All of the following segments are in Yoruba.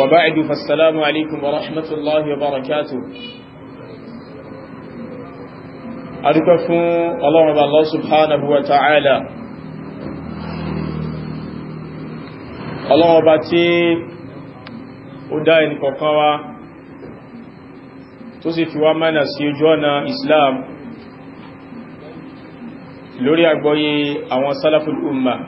وبعد فالسلام عليكم ورحمة الله وبركاته adúpẹ́ fún ọlọ́run bá Allah subhanahu wa ta'ala ọlọ́run bá tí ó dá ẹni kọ̀kan wá tó sì fi wá mẹ́nà sí ojú ọ̀nà Islam lórí àgbọ́yé àwọn salaful ummah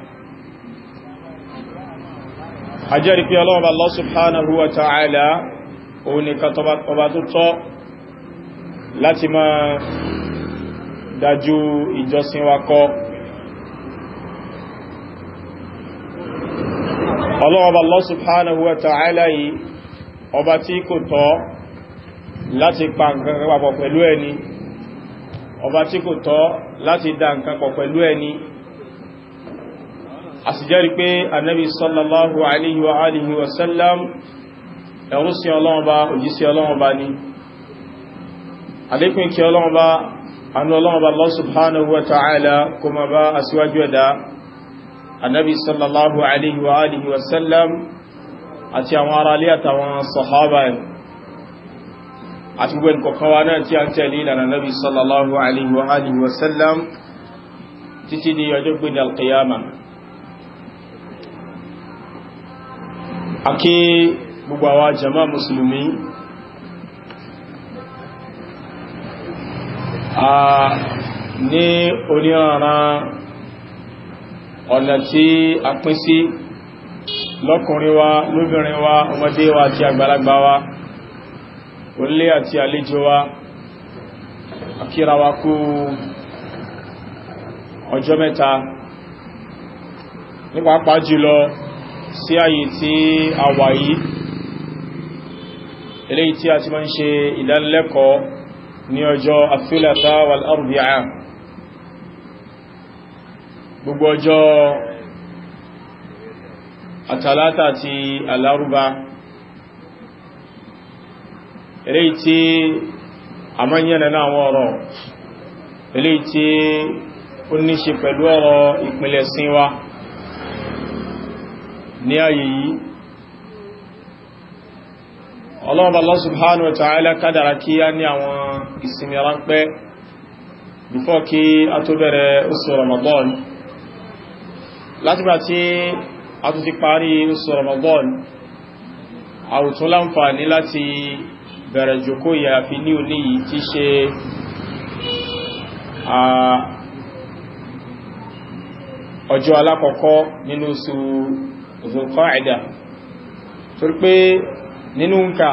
ajẹ́rí pé ọlọ́ọ̀bà Allah subhanahu wa ta'ala òun nìkan ọba tó tọ́ láti máa dájú ìjọsìn wa kọ ọlọ́ọ̀bà Allah subhanahu wa ta'ala yìí ọba tí kò tọ́ láti pa nǹkan papọ̀ pẹ̀lú ẹni ọba tí kò tọ́ láti dá nǹkan pọ̀ pẹ̀lú ẹni a sì jẹ́rìí pé annabi sallallahu alaihi wa alihi wa sallam ẹ̀rú sí ọlọ́ọ̀bá òjísí ọlọ́ọ̀bá ni alékún kí ọlọ́ọ̀bá anú ọlọ́ọ̀bá Allah subhanahu wa ta'ala kuma bá aṣíwájú ẹ̀dá annabi sallallahu alaihi wa alihi wa sallam àti àwọn ará alé àtàwọn sahaba àti gbogbo ìkọ̀kọ́wà náà tí a ń tẹ̀lé ìlànà nabi sallallahu alaihi wa alihi wa sallam títí di ọjọ́ gbogbo alqiyama Aki gbogbo àwa jama musulmi a ni oníranran ọ̀nà tí a pín sí lọ́kùnrin wa lóbìnrin wa ọmọdé wa àti àgbàlagbà wa onílé àti àlejò wa akíra ọjọ́ mẹ́ta nípa pàápàá jùlọ sí ààyè tí a wà yìí eléyìí tí a ti máa ń ṣe ìdánilẹ́kọ̀ọ́ ní ọjọ́ athulata wal arbi'a gbogbo ọjọ́ àtàlátà àti alárúbá eléyìí tí a máa ń yẹnà náà wọ́n ọ̀rọ̀ tí ó ní pẹ̀lú ọ̀rọ̀ ìpìlẹ̀ sin ní ayé yìí ọlọ́ọ̀bà Allah subhanahu wa ta'ala kádàrà kí a ní àwọn ìsinmi ránpẹ́ bífọ́ kí a tó bẹ̀rẹ̀ oṣù Ramadan látìgbà tí a tó ti parí oṣù Ramadan àwùtún láǹfààní láti bẹ̀rẹ̀ jòkó ìyàfi ní òní yìí tí zulqaida torí pé nínú nǹka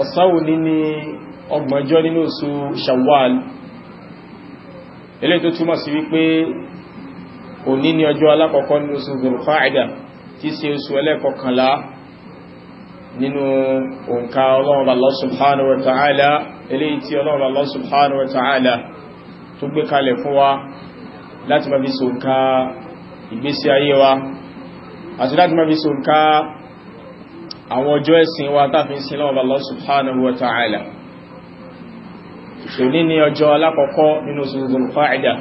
ọ̀sán òní ni ọgbọ̀njọ́ nínú oṣù shawwal eléyìí tó túmọ̀ sí wípé òní ni ọjọ́ alákọ̀ọ́kọ́ nínú oṣù zulqaida tí ṣe oṣù ẹlẹ́kọ̀ọ́kànlá nínú òǹkà ọlọ́run Allah subhanahu wa ta'ala eléyìí tí ọlọ́run Allah subhanahu wa ìgbésí ayé wa àti láti máa fi so ká àwọn ọjọ́ ẹ̀sìn wa tàbí sin lọ́wọ́ Allah subhanahu wa ta'ala ṣòní ní ọjọ́ alákọ̀ọ́kọ́ nínú Zul Qa'ida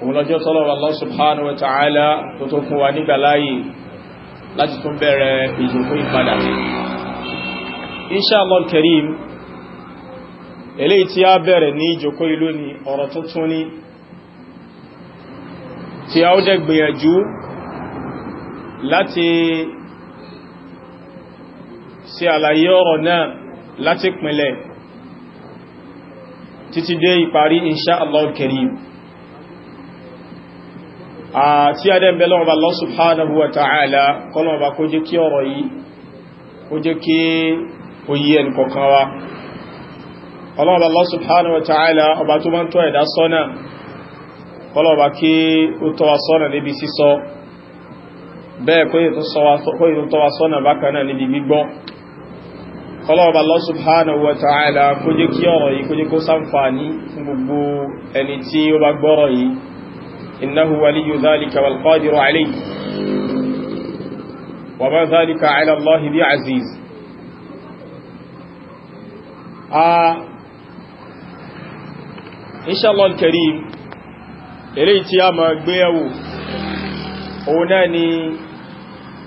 òun lọ́jọ́ tọ́lọ́wọ́ Allah subhanahu wa ta'ala tó tó fún wa nígbà láti tún bẹ̀rẹ̀ ìjòkó ìpadà láti ṣe àlàyé ọ̀rọ̀ náà láti pínlẹ̀ títí dé ìparí inṣá Allahul Karim àti adẹ́bẹ̀lọ́ ọba Allah subhanahu wa ta'ala kọ́nà ọba kó jẹ́ kí ọ̀rọ̀ yìí kó jẹ́ kí oyí ẹn kọ̀kan wa ọlọ́ọ̀bà Allah subhanahu wa ta'ala ọba tó máa ń tọ́ ẹ̀dá sọ́nà ọlọ́ọ̀bà kí ó tọ́ bẹ́ẹ̀ kó yìí tún tọ́ wa sọ́nà bákan náà níbi gbígbọ́ kọlọ́ọ̀bà Allah subhanahu wa ta'ala kó jẹ́ kí ọ̀rọ̀ yìí kó jẹ́ kó ṣàǹfààní fún gbogbo ẹni tí ó bá gbọ́rọ̀ yìí innahu waliyu dhalika wal qadiru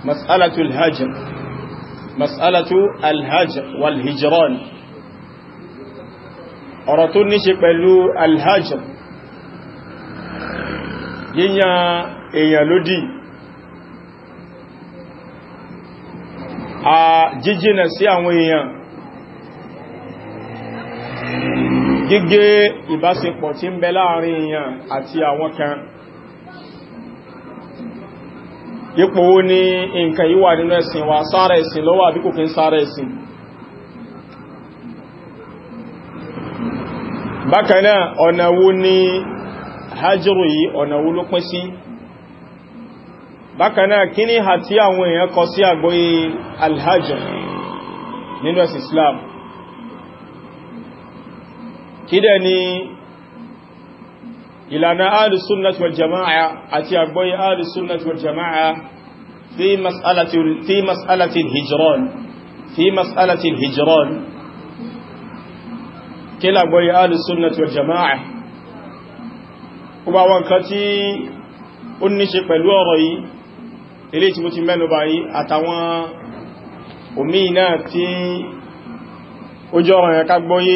مسألة الهجر مسألة الهجر والهجران ọ̀rọ̀ tó ní ṣe pẹ̀lú alhajr yíyan èèyàn lódì a jíjìnà sí àwọn èèyàn gígé ìbáṣepọ̀ tí ń bẹ láàrin èèyàn àti àwọn kan ipò wo ni nǹkan yìí wà nínú ẹ̀sìn wa sára ẹ̀sìn ló wà àbí kò kí ń sára ẹ̀sìn bákan náà ọ̀nà ni hajjúrù yìí ọ̀nà ló pín sí bákan kí ní hà tí àwọn èèyàn kọ sí àgbóyé alhajjúrù nínú ẹ̀sìn Islam kí dẹ̀ ni ìlànà alìsúnnàtí wal jama'a àti àgbọ́yé alìsúnnàtí wal jama'a fi mas'alatin hijron fi mas'alatin hijron kí làgbọ́yé alìsúnnàtí wal jama'a kuma wọn kan tí ó ní ṣe pẹ̀lú ọ̀rọ̀ yìí ilé tí mo ti mẹ́nu báyìí àtàwọn omi náà tí ó ọ̀rọ̀ yẹn ká gbọ́yé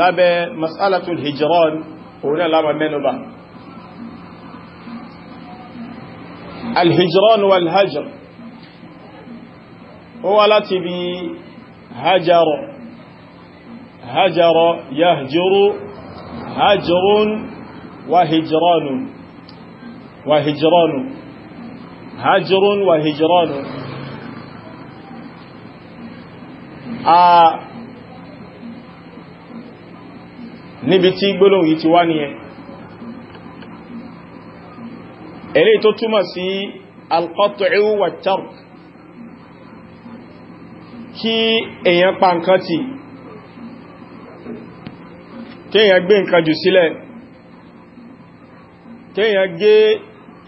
lábẹ́ mas'alatul hijron òun náà lábà mẹ́nubà alhijran walhajar ó wá láti bí hajjarọ hajjarọ yahjuru hajjurun wahijranu wahijranu hajjurun wahijranu a níbi tí gbólóhùn yìí ti wá nìyẹn eléyìí tó túmọ̀ sí alqat'u wa tark kí èyàn pa nǹkan tì kí èyàn gbé nǹkan jù sílẹ̀ kí gé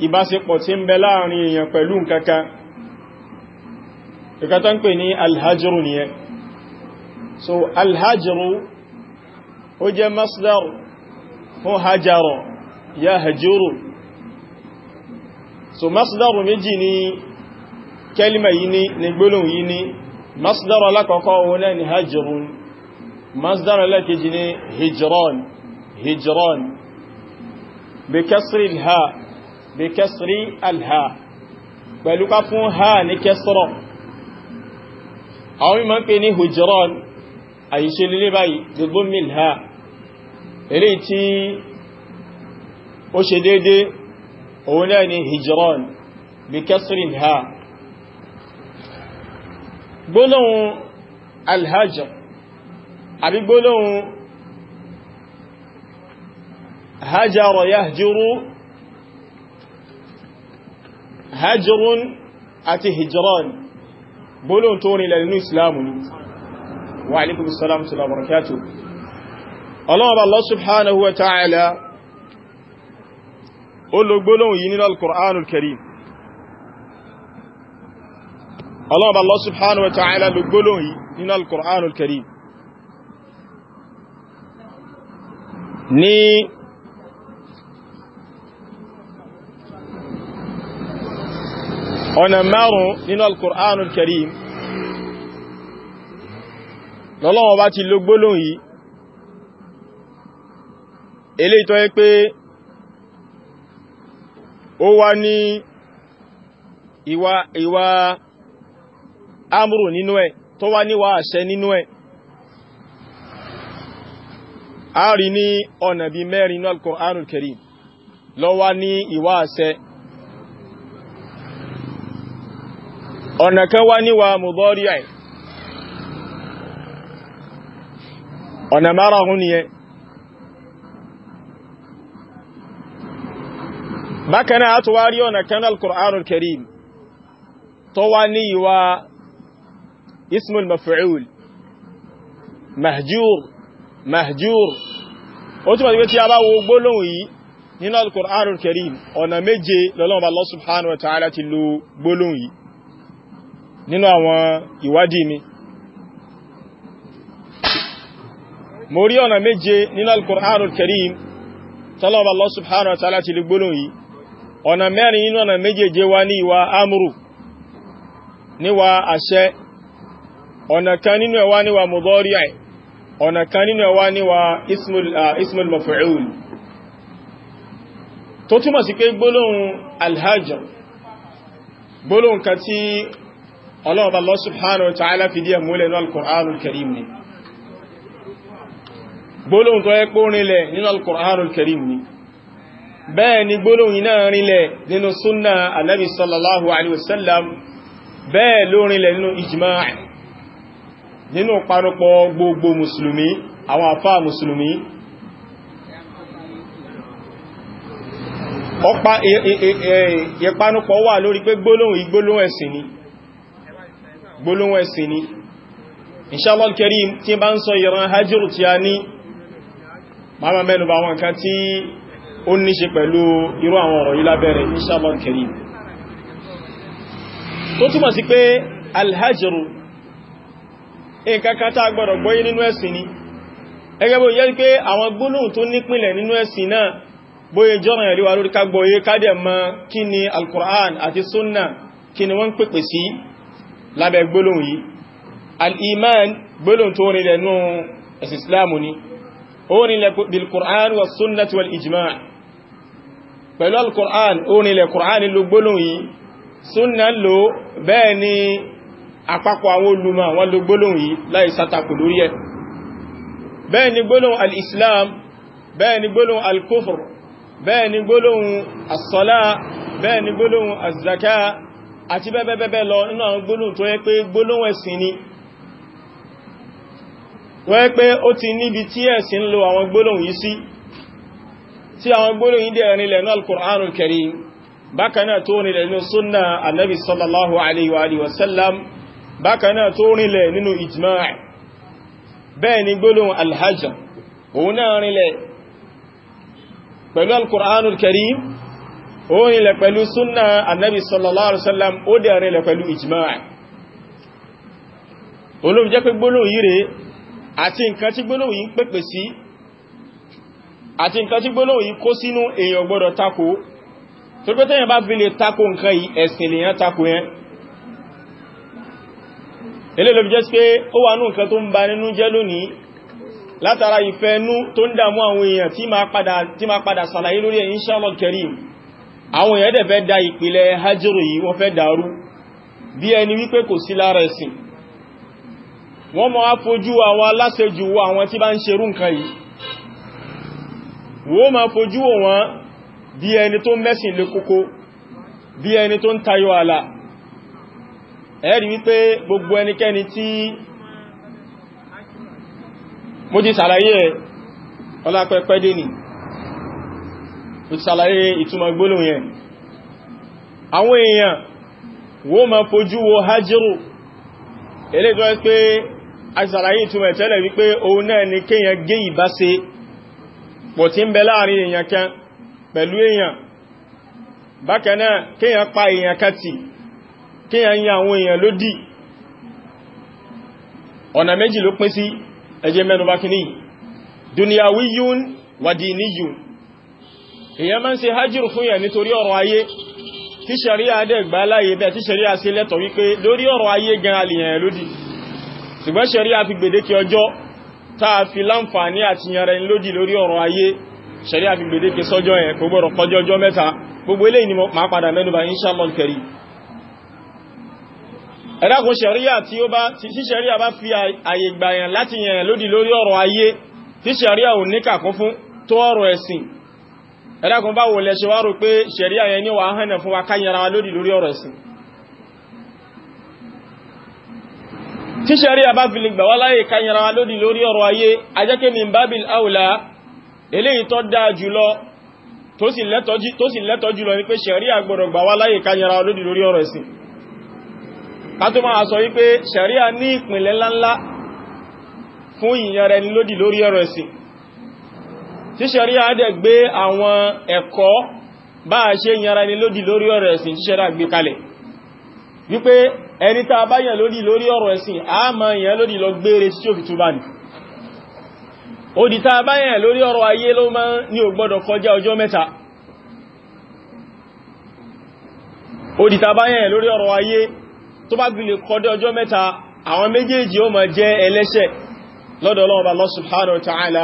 ìbáṣepọ̀ tí ń bẹ láàrin èyàn pẹ̀lú nǹkankan ìkàtà ń pè ní alhajru nìyẹn so alhajru ó jẹ́ masdar fún hajjaro ya hajjúrù so masdar méjì ni kẹlima yìí ni ni gbólóhùn yìí ni masdar alákọ̀ọ́kọ́ wọn ni hajjurun masdar alákejì ni hijron hijron bí kẹsìrì alha bí kẹsìrì alha pẹ̀lú ká fún ha ní kẹsìrọ̀ àwọn ìmọ̀ pé ní hujron àyíṣẹ́ lílé báyìí gbogbo mil eléyìí tí ó ṣe dédé òun náà ni hijran bí kẹsìrín ha gbólóhùn alhajar àbí gbólóhùn hajara yahjuru hajrun àti hijran gbólóhùn tó rìnlẹ̀ nínú islamu ni wa alaikumussalam wa barakatuh ọlọ́ọ̀bá Allah subhanahu wa ta'ala ó lo gbólóhùn yìí nínú al-Qur'anul Karim ọlọ́ọ̀bá Allah subhanahu wa ta'ala lo gbólóhùn yìí nínú al-Qur'anul Karim ní ọ̀nà márùn nínú al-Qur'anul lọ́lọ́wọ́ bá ti lo gbólóhùn yìí eléyìí tó yẹ pé ó wá ní ìwà ìwà amúrù nínú ẹ̀ tó wá níwà àṣẹ nínú ẹ̀ a rí ní ọ̀nà bí mẹ́rin inú Al-Qur'anul Karim ló wá ní ìwà àṣẹ ọ̀nà kan wá níwà mudari' ọ̀nà márùn-ún nìyẹn bákan náà tó wá rí ọ̀nà kan al-Qur'anul Karim tó wá ní ìwà ismul maf'ul mahjúr mahjúr ó túnmọ̀ sí pé tí a bá wo gbólóhùn yìí nínú al-Qur'anul Karim ọ̀nà méje lọ́lọ́wọ́ Allah subhanahu wa ta'ala ti lo gbólóhùn yìí nínú àwọn ìwádìí mi mo rí ọ̀nà méje nínú al-Qur'anul tọ́lọ́wọ́ Allah subhanahu wa ta'ala ti lo gbólóhùn yìí ọ̀nà mẹ́rin inú ọ̀nà méjèèje wá ní ìwà amúrù níwà àṣẹ ọ̀nà kan nínú ẹ̀wá níwà mudari' ọ̀nà kan nínú ẹ̀wá níwà ismul maf'ul tó túmọ̀ sí pé gbólóhùn alhajj gbólóhùn kan tí ọlọ́ọ̀bá Allah bẹ́ẹ̀ ni gbólóhùn náà rinlẹ̀ nínú súnnà Ànábì sallallahu alaihi wasallam bẹ́ẹ̀ ló rinlẹ̀ nínú ijma' nínú parúpọ̀ gbogbo mùsùlùmí àwọn àfáà mùsùlùmí ọpa ìpanupọ̀ wà lórí pé gbólóhùn igbólóhùn ẹ̀sìn ni gbólóhùn ẹ̀sìn ni inshallah al tí bá ń sọ ìran hajjúrù tí a ní máa mẹ́nu bá wọn kan tí ó ní ṣe pẹ̀lú irú àwọn ọ̀rọ̀ yìí lábẹ́rẹ̀ inshallah karim tó túmọ̀ sí pé alhajru nǹkan kan tá gbọ́dọ̀ gbọ́yé nínú ẹ̀sìn ni ẹgẹ́ bó yẹ́ pé àwọn gbólóhùn tó nípìnlẹ̀ nínú ẹ̀sìn náà bóyé jọ́rọ̀ ẹ̀rí wa lórí ká gbọ́yé kádẹ̀ mọ̀ kí ni alkùrán àti súnnà kí wa sunnati wal pẹ̀lú al-Qur'an orinlẹ̀ Qur'an ló gbólóhùn yìí súnnà ló bẹ́ẹ̀ ni àpapọ̀ àwọn olùmọ̀ àwọn ló gbólóhùn yìí láì sátakò lórí ẹ̀ bẹ́ẹ̀ ni gbólóhùn al-Islam bẹ́ẹ̀ ni gbólóhùn al-kufr bẹ́ẹ̀ ni gbólóhùn as-sala bẹ́ẹ̀ ni gbólóhùn az àti bẹ́ẹ̀bẹ́ẹ̀ lọ nínú àwọn tí àwọn gbólóhùn dẹ̀ rinlẹ̀ ní al-Qur'anul Karim bákanáà tó rinlẹ̀ nínú súnnà annabi sallallahu alaihi wa alihi wasallam bákanáà tó rinlẹ̀ nínú ijma' bẹ́ẹ̀ ni gbólóhùn alhajjá òun náà rinlẹ̀ pẹ̀lú al-Qur'anul Karim ó rinlẹ̀ pẹ̀lú súnnà annabi sallallahu alaihi wasallam àti nǹkan tí gbólóhùn yìí ń pèpè sí àti nǹkan tí gbólóhùn yìí kó sínú èèyàn gbọ́dọ̀ takò tó pé tẹ́yàn bá fi lè takò nǹkan yìí ẹ̀sìn lèyàn takò yẹn ilé lóbi jẹ́ sí pé ó wà ní nǹkan tó ń ba nínú jẹ́ lónìí látara ìfẹ́ nú tó ń dàmú àwọn èèyàn tí máa padà tí máa sàlàyé lórí wọ́n ma fojú wọn bí ẹni tó mẹ́sìn lé kókó bí ẹni tó ń tayọ àlà ẹ̀rí wípé gbogbo ẹnikẹ́ni tí mo ti sàlàyé ẹ̀ ọlápẹ́pẹ́ dé nì mo ti sàlàyé ìtumọ̀ gbólóhùn yẹn àwọn èèyàn wọ́n ma fojú wo hajjiru eléjọ́ pé àṣàlàyé ìtumọ̀ tẹ́lẹ̀ wípé òun náà ni kéèyàn gé ìbáṣe pò tí ń bẹ láàrin èèyàn kan pẹ̀lú èèyàn bákan náà kéèyàn pa èèyàn kan tì kéèyàn yí àwọn èèyàn lódì ọ̀nà méjì ló pín sí ẹ jẹ́ mẹ́nubá kìíní duniyawiyun wa diniyun èèyàn máa ń ṣe hajjúrù fún yẹn nítorí ọ̀rọ̀ ayé tí ṣàríà àdẹ́gbà láyé bẹ́ẹ̀ tí ṣàríà sí lẹ́tọ̀ wípé lórí ọ̀rọ̀ ayé gan alìyàn lódì ṣùgbọ́n ṣàríà fi gbèdéke ọjọ́ táa fi láǹfààní àti yanra ẹni lódì lórí ọ̀rọ̀ ayé ṣẹ̀rí àfi gbèdéke sọ́jọ́ ẹ̀ kò gbọ́rọ̀ kọjọ́ ọjọ́ mẹ́ta gbogbo eléyìí ni máa padà mẹ́nubà inṣàlọ́l kẹrì ẹ̀dàkùn ṣẹ̀ríyà tí ó bá tí ṣẹ̀ríyà bá fi àyè gbàyàn láti yẹn lódì lórí ọ̀rọ̀ ayé tí ṣẹ̀ríyà ò tí ṣẹ̀rí àbáfilì gbà wá láyé kányara wa lódì lórí ọ̀rọ̀ ayé ajẹ́kẹ́ min bábil áùlá eléyìí tó dáa jùlọ tó sì lẹ́tọ̀ jùlọ ní pé ṣẹ̀rí àgbọ̀rọ̀ gbà wá láyé kányara wa lódì lórí ọ̀rọ̀ ẹ̀sìn kátó máa sọ wípé ṣẹ̀rí à ní ìpìnlẹ̀ ńláńlá fún ìyànra bá a ṣe ìyànra ẹni lódì lórí ọ̀rọ̀ ẹ̀sìn tí gbé kalẹ̀ wípé ẹni tá a bá yàn lódì lórí ọ̀rọ̀ ẹ̀sìn a máa yàn lódì lọ gbére tí ó fi túbá ní òdì tá a bá yàn lórí ọ̀rọ̀ ayé ló máa ní ò gbọ́dọ̀ kọjá ọjọ́ mẹ́ta àwọn méjèèjì ó máa jẹ́ ẹlẹ́ṣẹ̀ lọ́dọ̀ Allah subhanahu wa ta'ala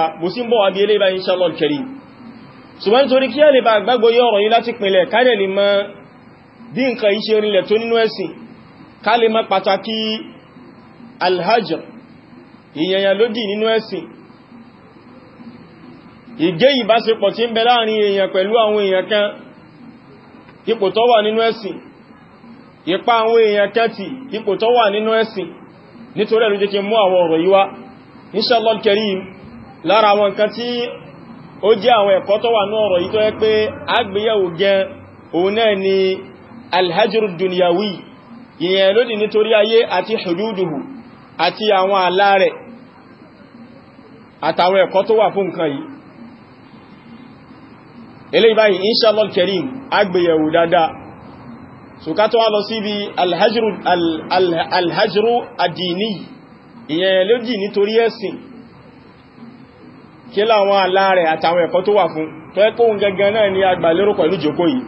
inshallah al-karim ṣùgbọ́n nítorí kí a lè bá gbàgbọ́ yọ́rọ̀ yí láti pìnlẹ̀ káàdẹ̀ lè mọ́ bí iṣẹ́ orílẹ̀ tó nínú ẹ̀sìn kálẹ̀ mọ́ pàtàkì alhajr ìyẹ̀yàn lódì nínú ẹ̀sìn ìgé ìbáṣepọ̀ tí ń bẹ láàrin èèyàn pẹ̀lú àwọn èèyàn kan ipò tó wà nínú ẹ̀sìn ipa àwọn èèyàn kan ti ipò tó wà nínú ẹ̀sìn nítorí ẹ̀lú jẹ́ kí mú àwọn ọ̀rọ̀ yìí wá inshallah karim lára àwọn ìyẹn lòdì nítorí ayé àti hududuhu àti àwọn àlá rẹ̀ àtàwọn ẹ̀kọ́ tó wà fún nǹkan yìí eléyìí báyìí inshallah kerim agbèyẹ̀wò dáadáa so ká tó wá lọ síbi alhajru alhajru adini ìyẹn lòdì nítorí ẹ̀sìn kí láwọn àlá rẹ̀ àtàwọn ẹ̀kọ́ tó wà fún tó ẹ́kọ́ ni agbàlérò pẹ̀lú jòkó yìí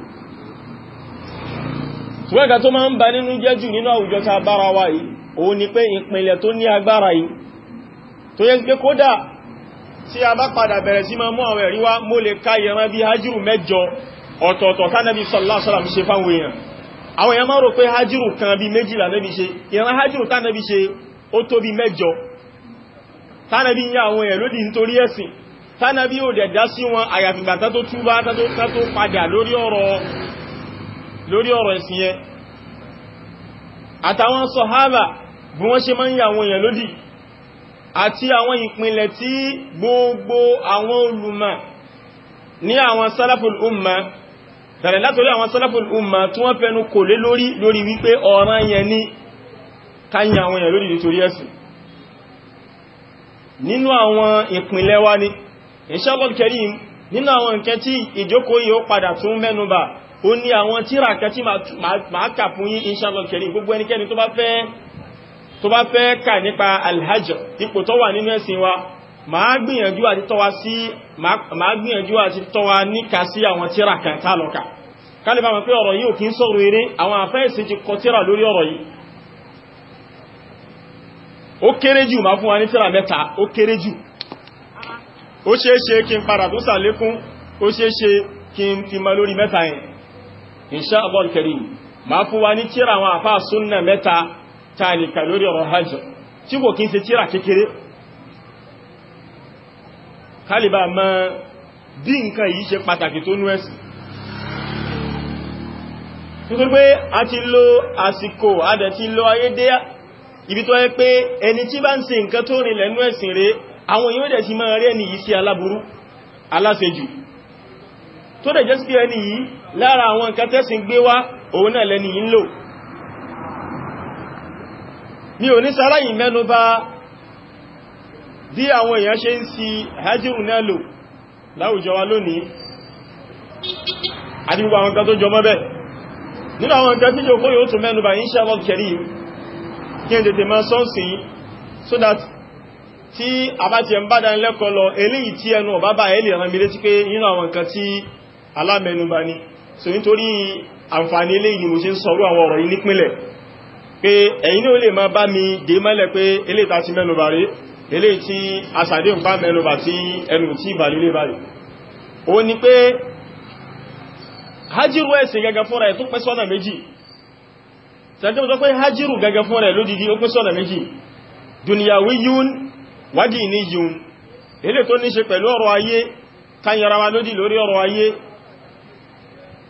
ṣùgbọ́n ìgbà tó máa ń ba nínú jẹ́ jù nínú àwùjọ ta bára wa yìí òun ni pé ìpìnlẹ̀ tó ní agbára yìí tó yẹ pé kódà tí a bá padà bẹ̀rẹ̀ sí máa mú àwọn ẹ̀rí wá mo lè ka ìran bí hajjúrù mẹ́jọ ọ̀tọ̀ọ̀tọ̀ tánàbí sallallahu alaihi wasallam ṣe fáwọn èèyàn àwọn èèyàn máa rò pé hajjúrù kan bí méjìlá nẹ́bí ṣe ìran hajjúrù tánàbí ṣe ó tó bí lórí ọ̀rọ̀ ẹ̀sìn yẹn àtàwọn sọ̀hábà bí wọ́n ṣe máa ń yà àwọn èèyàn lódì àti àwọn ìpínlẹ̀ tí gbogbo àwọn olùmọ̀ ní àwọn sálàfùl umma tàbí látorí àwọn sálàfùl umma tí wọ́n fẹnu kò lé lórí lórí wípé ọ̀ràn yẹn ní káyìn àwọn ni inshallah karim nínú àwọn nǹkan tí ìjókòó yìí ó padà ó ní àwọn tíra kan tí máa kà fún yín inshallah kẹrin gbogbo ẹnikẹ́ni tó bá fẹ́ kà nípa alhajj ipò tó wà nínú ẹ̀sìn wa máa gbìyànjú àti tọ́wa sí máa gbìyànjú àti tọ́wa níka sí àwọn tíra kan tálọ́ka kálífà mọ̀ pé ọ̀rọ̀ yìí ò kí ń sọ̀rọ̀ eré àwọn àfẹ́ẹ̀sì ti kọ tíra lórí ọ̀rọ̀ yìí ó kéré jù máa fún wa ní tíra mẹ́ta ó kéré jù ó ṣeéṣe kí n padà tó sàlékún ó ṣeéṣe kí n fi mọ lórí mẹ́ta yẹn insha Allah karim máa fún wa ní tíra àwọn àfá súnnà mẹ́ta tààlìkà lórí ọ̀rọ̀ hajj tí kò kí ń ṣe tíra kékeré kálìbà ma bí nǹkan yìí ṣe pàtàkì tó nú ẹ̀sìn nítorí pé a ti lo àsìkò adẹ̀ ti lo ayédé ibi tó yẹ pé ẹni tí bá ń ṣe nǹkan tó rìn lẹ́nu ẹ̀sìn rẹ̀ àwọn èèyàn dẹ̀ ti máa rí ẹni yìí sí aláburú aláṣejù tó dẹ̀ jẹ́ sí ẹni yìí lára àwọn nǹkan tẹ́sìn gbé wá òun náà lẹ́ni yìí ń lò mi ò ní sáráyìn mẹ́nu bá bí àwọn èèyàn ṣe ń si hajjiru náà lò láwùjọ wa lónìí àti gbogbo àwọn nǹkan tó jọ mọ́ nínú àwọn nǹkan tí jòkó yóò tún mẹ́nu bá insha Allah karim kí n tètè máa sọ́nsìn so that tí a bá ti ẹ̀ ń bá dánilẹ́kọ̀ọ́ lọ eléyìí tí ẹnu ọ̀bá bá ẹ̀ lè rán mi létí pé nínú àwọn nǹkan tí alámẹnubá ni so nítorí àǹfààní eléyìí mo ṣe ń sọrú àwọn ọ̀rọ̀ yìí nípínlẹ̀ pé ẹ̀yin náà lè máa bá mi dé mọ́lẹ̀ pé eléyìí tá ti mẹ́nubà rí eléyìí tí aṣàdé ń bá mẹ́nubà tí ẹnu tí ìbàlélé báyìí ó hajiru ẹ̀sìn gẹ́gẹ́ fúnra ẹ̀ tó pẹ́ sọ́nà méjì hajiru gẹ́gẹ́ fúnra ẹ̀ lódìdí ó pẹ́ sọ́nà méjì dùnìyàwó yún wádìí ní yún eléyìí tó ní ṣe pẹ̀lú ọ̀rọ̀ ayé káyẹra wa lódì lórí ọ̀rọ̀ ayé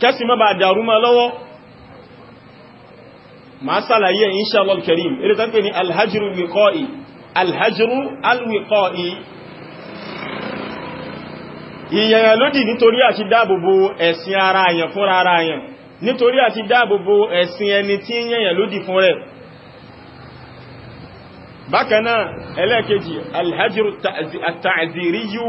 kẹ́sì má bàa dàrú mọ́ lọ́wọ́ ma sàlàyé inṣàlọ́ kẹrìm ilé tó ń pè ní alhajru alwiqa'i alhajru alwiqa'i ìyẹ̀yẹ̀ lódì nítorí àti dáàbòbò ẹ̀sìn ara àyàn fúnra ara àyàn nítorí àti dáàbòbò ẹ̀sìn ẹni tí ń yẹ̀yẹ̀ lódì fún rẹ̀ bákanáà ẹlẹ́ẹ̀kejì alhajru at-ta'ziriyu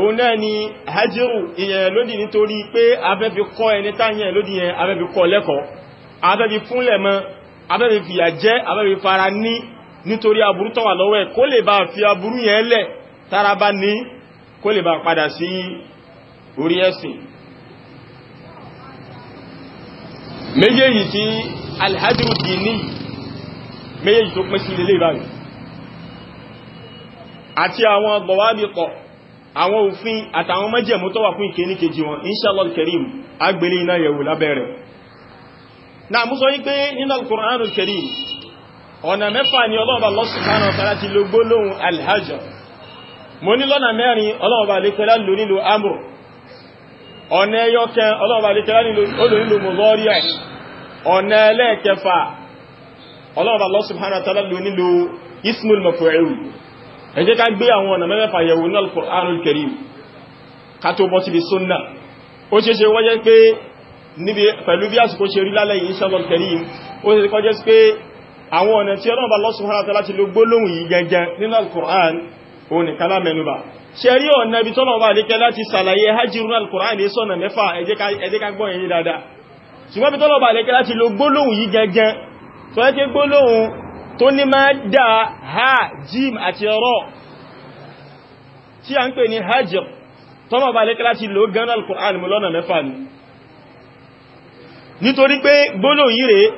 òun náà ni hajjiru ìyẹn lódì nítorí pé afẹ́fi kọ́ ẹni táyẹn lódì yẹn afẹ́fi kọ́ lẹ́kọ̀ọ́ afẹ́fi fúnlẹ̀ mọ́ afẹ́fi fìyà jẹ́ afẹ́fi fara ní nítorí aburú tọ́wà lọ́wọ́ ẹ̀ kó lè bá fi aburú yẹn lẹ̀ tára bá ní kó lè bá padà sí orí ẹ̀sìn méjèèjì tí alhajjiru ti ní méjèèjì tó pín sí ilé ìbáyìí àti àwọn gbọ̀wábìkọ̀ àwọn òfin àtàwọn májẹ̀mú tó wà fún ìkéní kejì wọn inṣàlọ́l kẹrìm agbèlé iná yẹ̀wò lábẹ́rẹ̀ náà mú sọ wípé nínú alkùnránù kẹrìm ọ̀nà mẹ́fà ni ọlọ́ọ̀bà lọ́sùnmánà tàrà ti lo gbólóhùn alhajar mo ní lọ́nà mẹ́rin ọlọ́ọ̀bà lẹ́kẹ́lá lò nílò amur ọ̀nà ẹyọkẹ ọlọ́ọ̀bà lẹ́kẹ́lá lò nílò mọ̀lọ́ríà ọ̀nà ẹlẹ́ẹ̀kẹfà ẹ jẹ́ ká gbé àwọn ọ̀nà mẹ́fà yẹ̀wò ní al-Qur'anul Karim ká tó bọ́ síbi súnnà ó ṣe ṣe wọ́jẹ́ pé níbi pẹ̀lú bí àsìkò ṣe rí lálẹ́ yìí ṣẹ́lọ̀ Karim ó ṣe kọjẹ́ pé àwọn ọ̀nà tí ọlọ́run quran ó ní kálá mẹ́nubà ṣe rí ọ̀nà ibi tọ́lọ̀ bá lékẹ́ láti quran ní sọ́nà mẹ́fà ẹ jẹ́ ká gbọ́ yìí dáadáa ṣùgbọ́n ibi tọ́lọ̀ bá lékẹ́ láti lo gbólóhùn tó ní máa dá ha jim àti ọ̀rọ̀ tí a ń pè ní hajjọ tọ́nà bá lẹ́kẹ́ láti lò gan al-Qur'an mú lọ́nà mẹ́fà ní nítorí pé gbólò yìí rẹ̀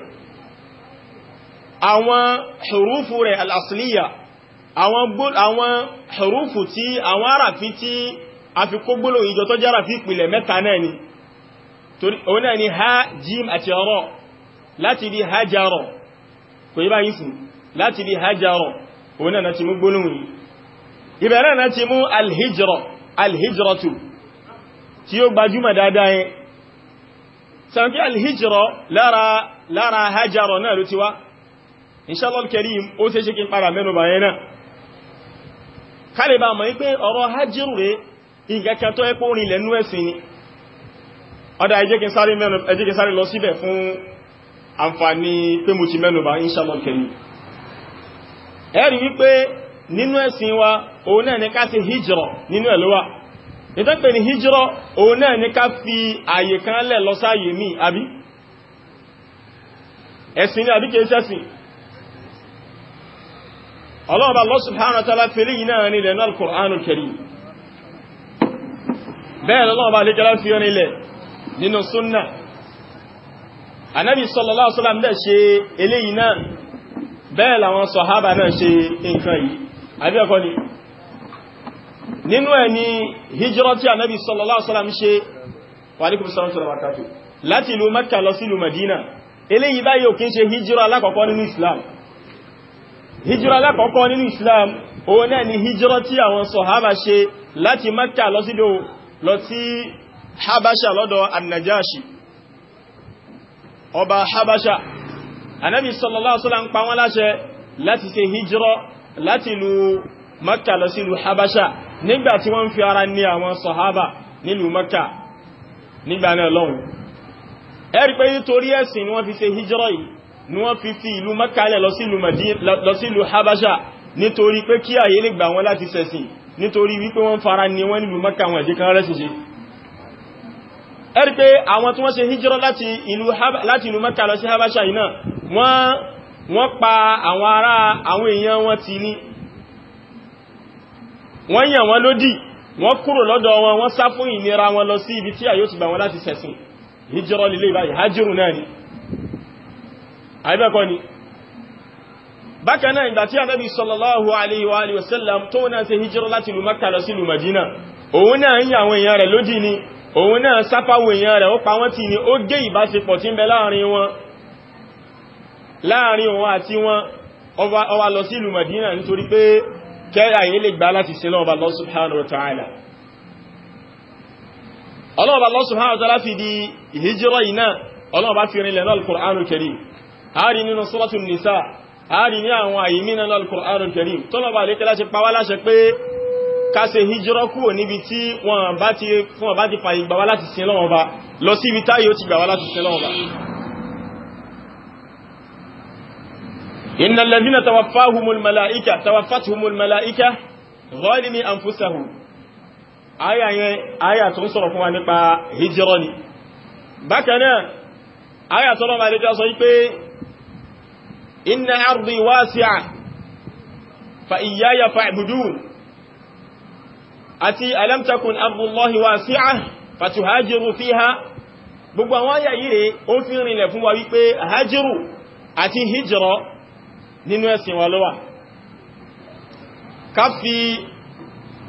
àwọn hurufu rẹ̀ al-asliya àwọn hurufu tí àwọn àràfí tí a fi kó gbólò ìjọ tó jára fi ìpìlẹ̀ mẹ́ta náà ni kò yí bá yí sùn láti bí hajjarọ̀ òun náà ti mú gbónúwì ìbẹ̀rẹ̀ náà ti mú alhijrọ̀ alhijrọ̀tù tí ó gbajúmọ̀ dáadáa yẹn sàǹkí alhijrọ̀ lára lára hajjarọ̀ náà ló ti wá inshallah karim ó tẹ́ ṣe kí n para mẹ́nu bàyẹn náà kálẹ̀bà mọ̀ wípé ọ̀rọ̀ hajjiru àǹfààní pé mo ti mẹ́nubà inshallah kẹni ẹ̀rí wípé nínú ẹ̀sìn wa òun náà ní ká ṣe hijrọ nínú ẹ̀lúwà ìtọ́pẹ̀ ní hijrọ òun náà ní ká fi àyè kan lẹ̀ lọ sáyè mí àbí ẹ̀sìn ní àbí kìí Allah subhanahu wa ta'ala fèlé yìí náà nílẹ̀ náà al-Qur'anul Karim bẹ́ẹ̀ lọ́ọ̀bá lè kẹ́lá fi anábì sallallahu alaihi wasallam dẹ̀ ṣe eléyìí náà bẹ́ẹ̀ làwọn sọ̀hábà náà ṣe nǹkan yìí àbí ẹ̀kọ́ ni nínú ẹ̀ ni hijira tí anábì sallallahu alaihi wasallam ṣe wa alaikum salaam wa barakatuh láti ìlú Mẹ́kà lọ sí ìlú Madina eléyìí báyìí ò kí ń ṣe hijira Islam hijira alákọ̀ọ́kọ́ nínú Islam òun náà ni hijira tí àwọn sọ̀hábà ṣe láti Mẹ́kà lọ sí Habasha lọ́dọ̀ annajashi ọba habasha anabi sallallahu alaihi wasallam ń pa wọ́n láṣẹ láti ṣe hijira láti ìlú makka lọ sí ìlú habasha nígbà tí wọ́n fi ara ní àwọn sahaba nílùú makka nígbà náà lọ́hùn ẹ rí pé nítorí ẹ̀sìn ni wọ́n fi ṣe hijira yìí ni wọ́n fi fi ìlú makka lẹ̀ lọ sí ìlú habasha nítorí pé kí àyè lè gbà wọ́n láti ṣẹ̀sìn nítorí wípé wọ́n fara ní wọ́n nílùú makka wọn ẹ̀jẹ̀ kan rẹ̀ ṣiṣẹ́ ẹ̀rí pé àwọn tí wọ́n ṣe hijira láti ìlú Mẹ́kà lọ sí Habasha iná wọ́n pa àwọn ará àwọn èèyàn wọn ti ní wọ́n yàn wọ́n lódì wọ́n kúrò lọ́dọ̀ wọn wọ́n sá fún ìnira wọn lọ sí ibi tí a yóò ti gbà wọn láti ṣẹ̀sìn hijira lílé ìbáyìí hajjírù náà ni àìbẹ́kọ́ ni bákanáà ìgbà tí Ànábì sallallahu alaihi wa alihi wasallam tó náà ṣe hijira láti ìlú Mẹ́kà lọ sí ìlú Madina òun náà ń àwọn èèyàn rẹ̀ lódì ni òun náà sápáwò èèyàn rẹ̀ ó pa wọ́n tí ni ó gé ìbáṣepọ̀ tí ń bẹ láàrin wọn láàrin òun àti wọn ó wá lọ sí ìlú Madina nítorí pé kẹ́rà yìí lè gbá láti sílọ́ ọba Allah subhanahu wa ta'ala ọlọ́ọ̀bá Allah subhanahu wa ta'ala fi di ìhìjírọ̀ iná ọlọ́ọ̀bá fi rinlẹ̀ náà al-Qur'anul Karim ààrin Nisa ààrin ní àwọn àyímí náà al-Qur'anul Karim tọ́lọ̀bá lè kẹ́lá ṣe pawá láṣẹ pé ká ṣe hijira kúrò níbi tí wọ́n bá ti fún ọba ti fàyè gbà wá láti sin lọ́wọ́ bá lọ sí ibi táyé ó ti gbà wá láti sin lọ́wọ́ bá innal ladhina tawaffahumul mala'ika tawaffatuhumul mala'ika zalimi anfusahum àyà yẹn àyà tó ń sọ̀rọ̀ fún wa nípa hijira ni bákan náà tó àti alam takun ardullahi wasi'ah fatuhajiru fiha gbogbo àwọn ayà yìí rẹ̀ ó fi rinlẹ̀ fún wa wípé hajiru àti hijira nínú ẹ̀sìn wa lọ́wà ká fi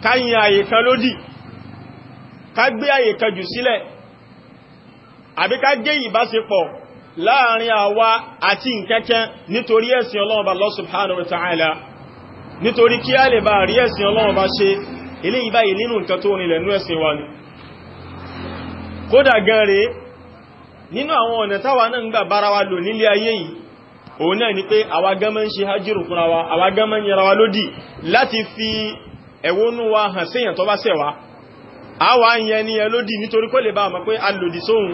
káyìn àyè kan lódì ká gbé àyè kan jù sílẹ̀ àbí ká gé ìbáṣepọ̀ láàrin àwa àti nkẹ́kẹ́ nítorí ẹ̀sìn Ọlọ́run bá Allah nítorí kí a lè bá rí Ọlọ́run bá ṣe eléyìí báyìí nínú nǹkan tó rìnlẹ̀ nú ẹ̀sìn wa ni kódà gan rèé nínú àwọn ọ̀nà táwa náà ń gbà bára wa lò nílé ayé yìí òun náà ni pé àwa gan ń ṣe hajjúrù fúnra wa àwa gan máa ń yẹra wa lódì láti fi ẹ̀wọ́nú wa hàn séèyàn tó bá ṣẹ̀ wá àwa ń yẹn ni ẹ lódì nítorí kó lè bá àmọ́ pé a lòdì sóhun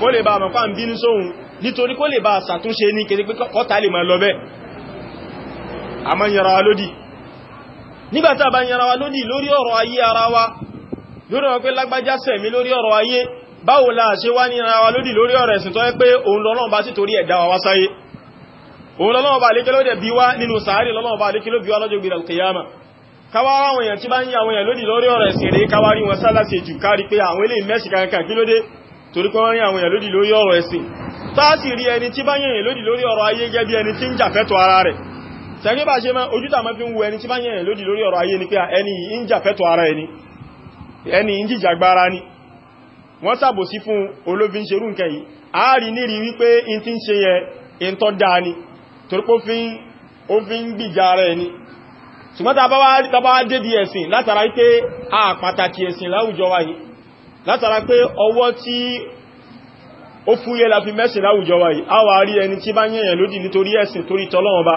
kó lè bá àmọ́ pé à ń bínú sóhun nítorí kó lè bá àṣàtúnṣe ní kété pé kọ́ta lè máa lọ bẹ́ẹ̀ àmọ́ yẹra wa lódì nígbàtà bá yẹra wa lódì lórí ọ̀rọ̀ ayé ara wa lórí ọ̀rọ̀ pé lágbájá sẹ̀mí lórí ọ̀rọ̀ ayé báwo la ṣe wá ní ara wa lódì lórí ọ̀rọ̀ ẹ̀sìn tó yẹ pé òun lọ́lọ́run bá sì torí ẹ̀dá wa wá sáyé òun lọ́lọ́run bá lékeló dẹ̀ bí wá nínú sàárì lọ́lọ́run bá lékeló bí wá lọ́jọ́ gbèrè alkiyama káwá àwọn èèyàn tí bá ń yí àwọn èèyàn lódì lórí ọ̀rọ̀ ẹ̀sìn sẹ́gbẹ́ bá ṣe mọ́ mọ́ fi ń wo ẹni tí bá yẹn lódì lórí ọ̀rọ̀ ayé ni pé ẹni ìjà fẹ́tọ̀ ara ẹni ẹni ìjìjàgbára ni wọ́n sàbòsí fún olófin ṣerú nǹkan yìí ààrí nírí wípé in ti ń ṣe yẹ in tọ́ dáa fi ń gbìjà ara ẹni ṣùgbọ́n tàbá débi ẹ̀sìn látara a pàtàkì ẹ̀sìn láwùjọ wa yìí látara pé ọwọ́ tí ó fúyẹ́ la fi mẹ́sìn wa yìí a wà rí ẹni tí bá yẹ̀yẹ̀ lódì nítorí ẹ̀sìn torí bá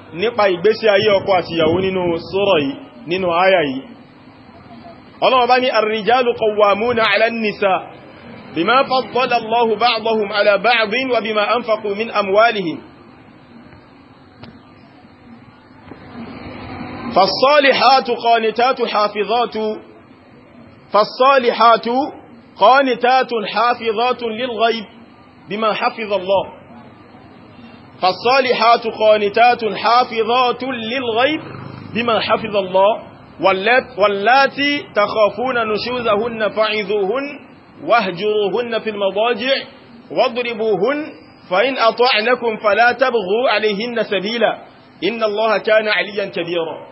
nípa ìgbésí ayé ọkọ àti ìyàwó nínú sọ́rọ̀ yìí nínú àyà yìí Ọlọ́run bá ní ar-rijalu qawwamuna 'ala an-nisa bima faddala Allahu ba'dahum 'ala ba'din wa bima anfaqu min amwalihim فالصالحات قانتات حافظات فالصالحات قانتات حفظ الله فالصالحات قانتات حافظات للغيب بما حفظ الله واللاتي تخافون نشوزهن فعذوهن واهجروهن في المضاجع واضربوهن فإن أطعنكم فلا تبغوا عليهن سبيلا إن الله كان عليا كبيرا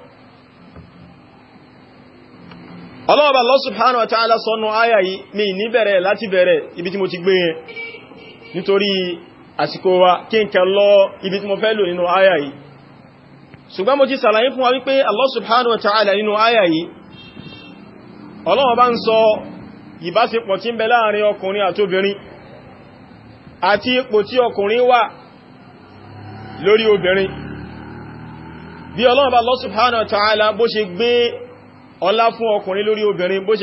ọlọ́wọ́ bá Allah subhanahu wa ta'ala sọ́nà ayà yìí mi ní bẹ̀rẹ̀ láti bẹ̀rẹ̀ ibi tí mo ti gbé yẹn nítorí àsìkò wa kí n kàn lọ ibi tí mo fẹ́ lò nínú àyà yìí ṣùgbọ́n mo ti sàlàyé fún wa wípé Allah subhanahu wa ta'ala nínú àyà yìí Ọlọ́run bá ń sọ ìbáṣepọ̀ tí ń bẹ láàrin ọkùnrin àtóbìnrin àti ipò tí ọkùnrin wà lórí obìnrin bí Ọlọ́run bá Allah subhanahu wa ta'ala bó ṣe gbé ọlá fún ọkùnrin lórí obìnrin bó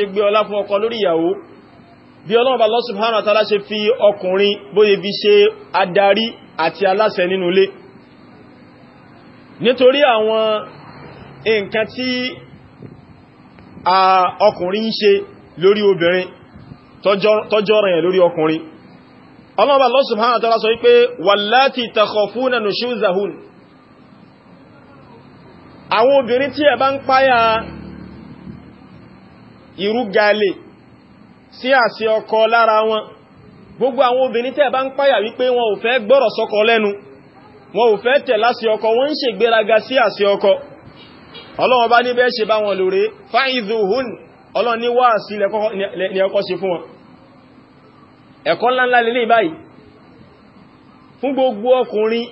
bí ọlọ́run bá Allah subhanahu wa ta'ala ṣe fi ọkùnrin bóyẹ bí ṣe adarí àti aláṣẹ nínú ilé nítorí àwọn nǹkan tí ọkùnrin ń ṣe lórí obìnrin tọ́jọ́ rẹ̀ lórí ọkùnrin ọlọ́run bá Allah subhanahu sọ wípé wallati takhafuna nushuzahun àwọn obìnrin tí ẹ bá sí àṣẹ ọkọ lára wọn gbogbo àwọn obìnrin tẹ́ bá ń páyà wípé wọn ò fẹ́ gbọ́rọ̀ sọ́kọ lẹ́nu wọn ò fẹ́ tẹ̀ láṣẹ ọkọ wọ́n ń ṣe gbéraga sí àṣẹ ọkọ ọlọ́wọ́n bá ní bẹ́ẹ̀ ṣe bá wọn lóore fáìzùhún ọlọ́wọ́n ní wá sí ní ẹ̀kọ́ ṣe fún wọn ẹ̀kọ́ ńláńlá lè báyìí fún gbogbo ọkùnrin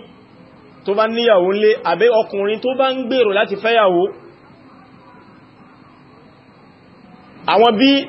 àwọn bí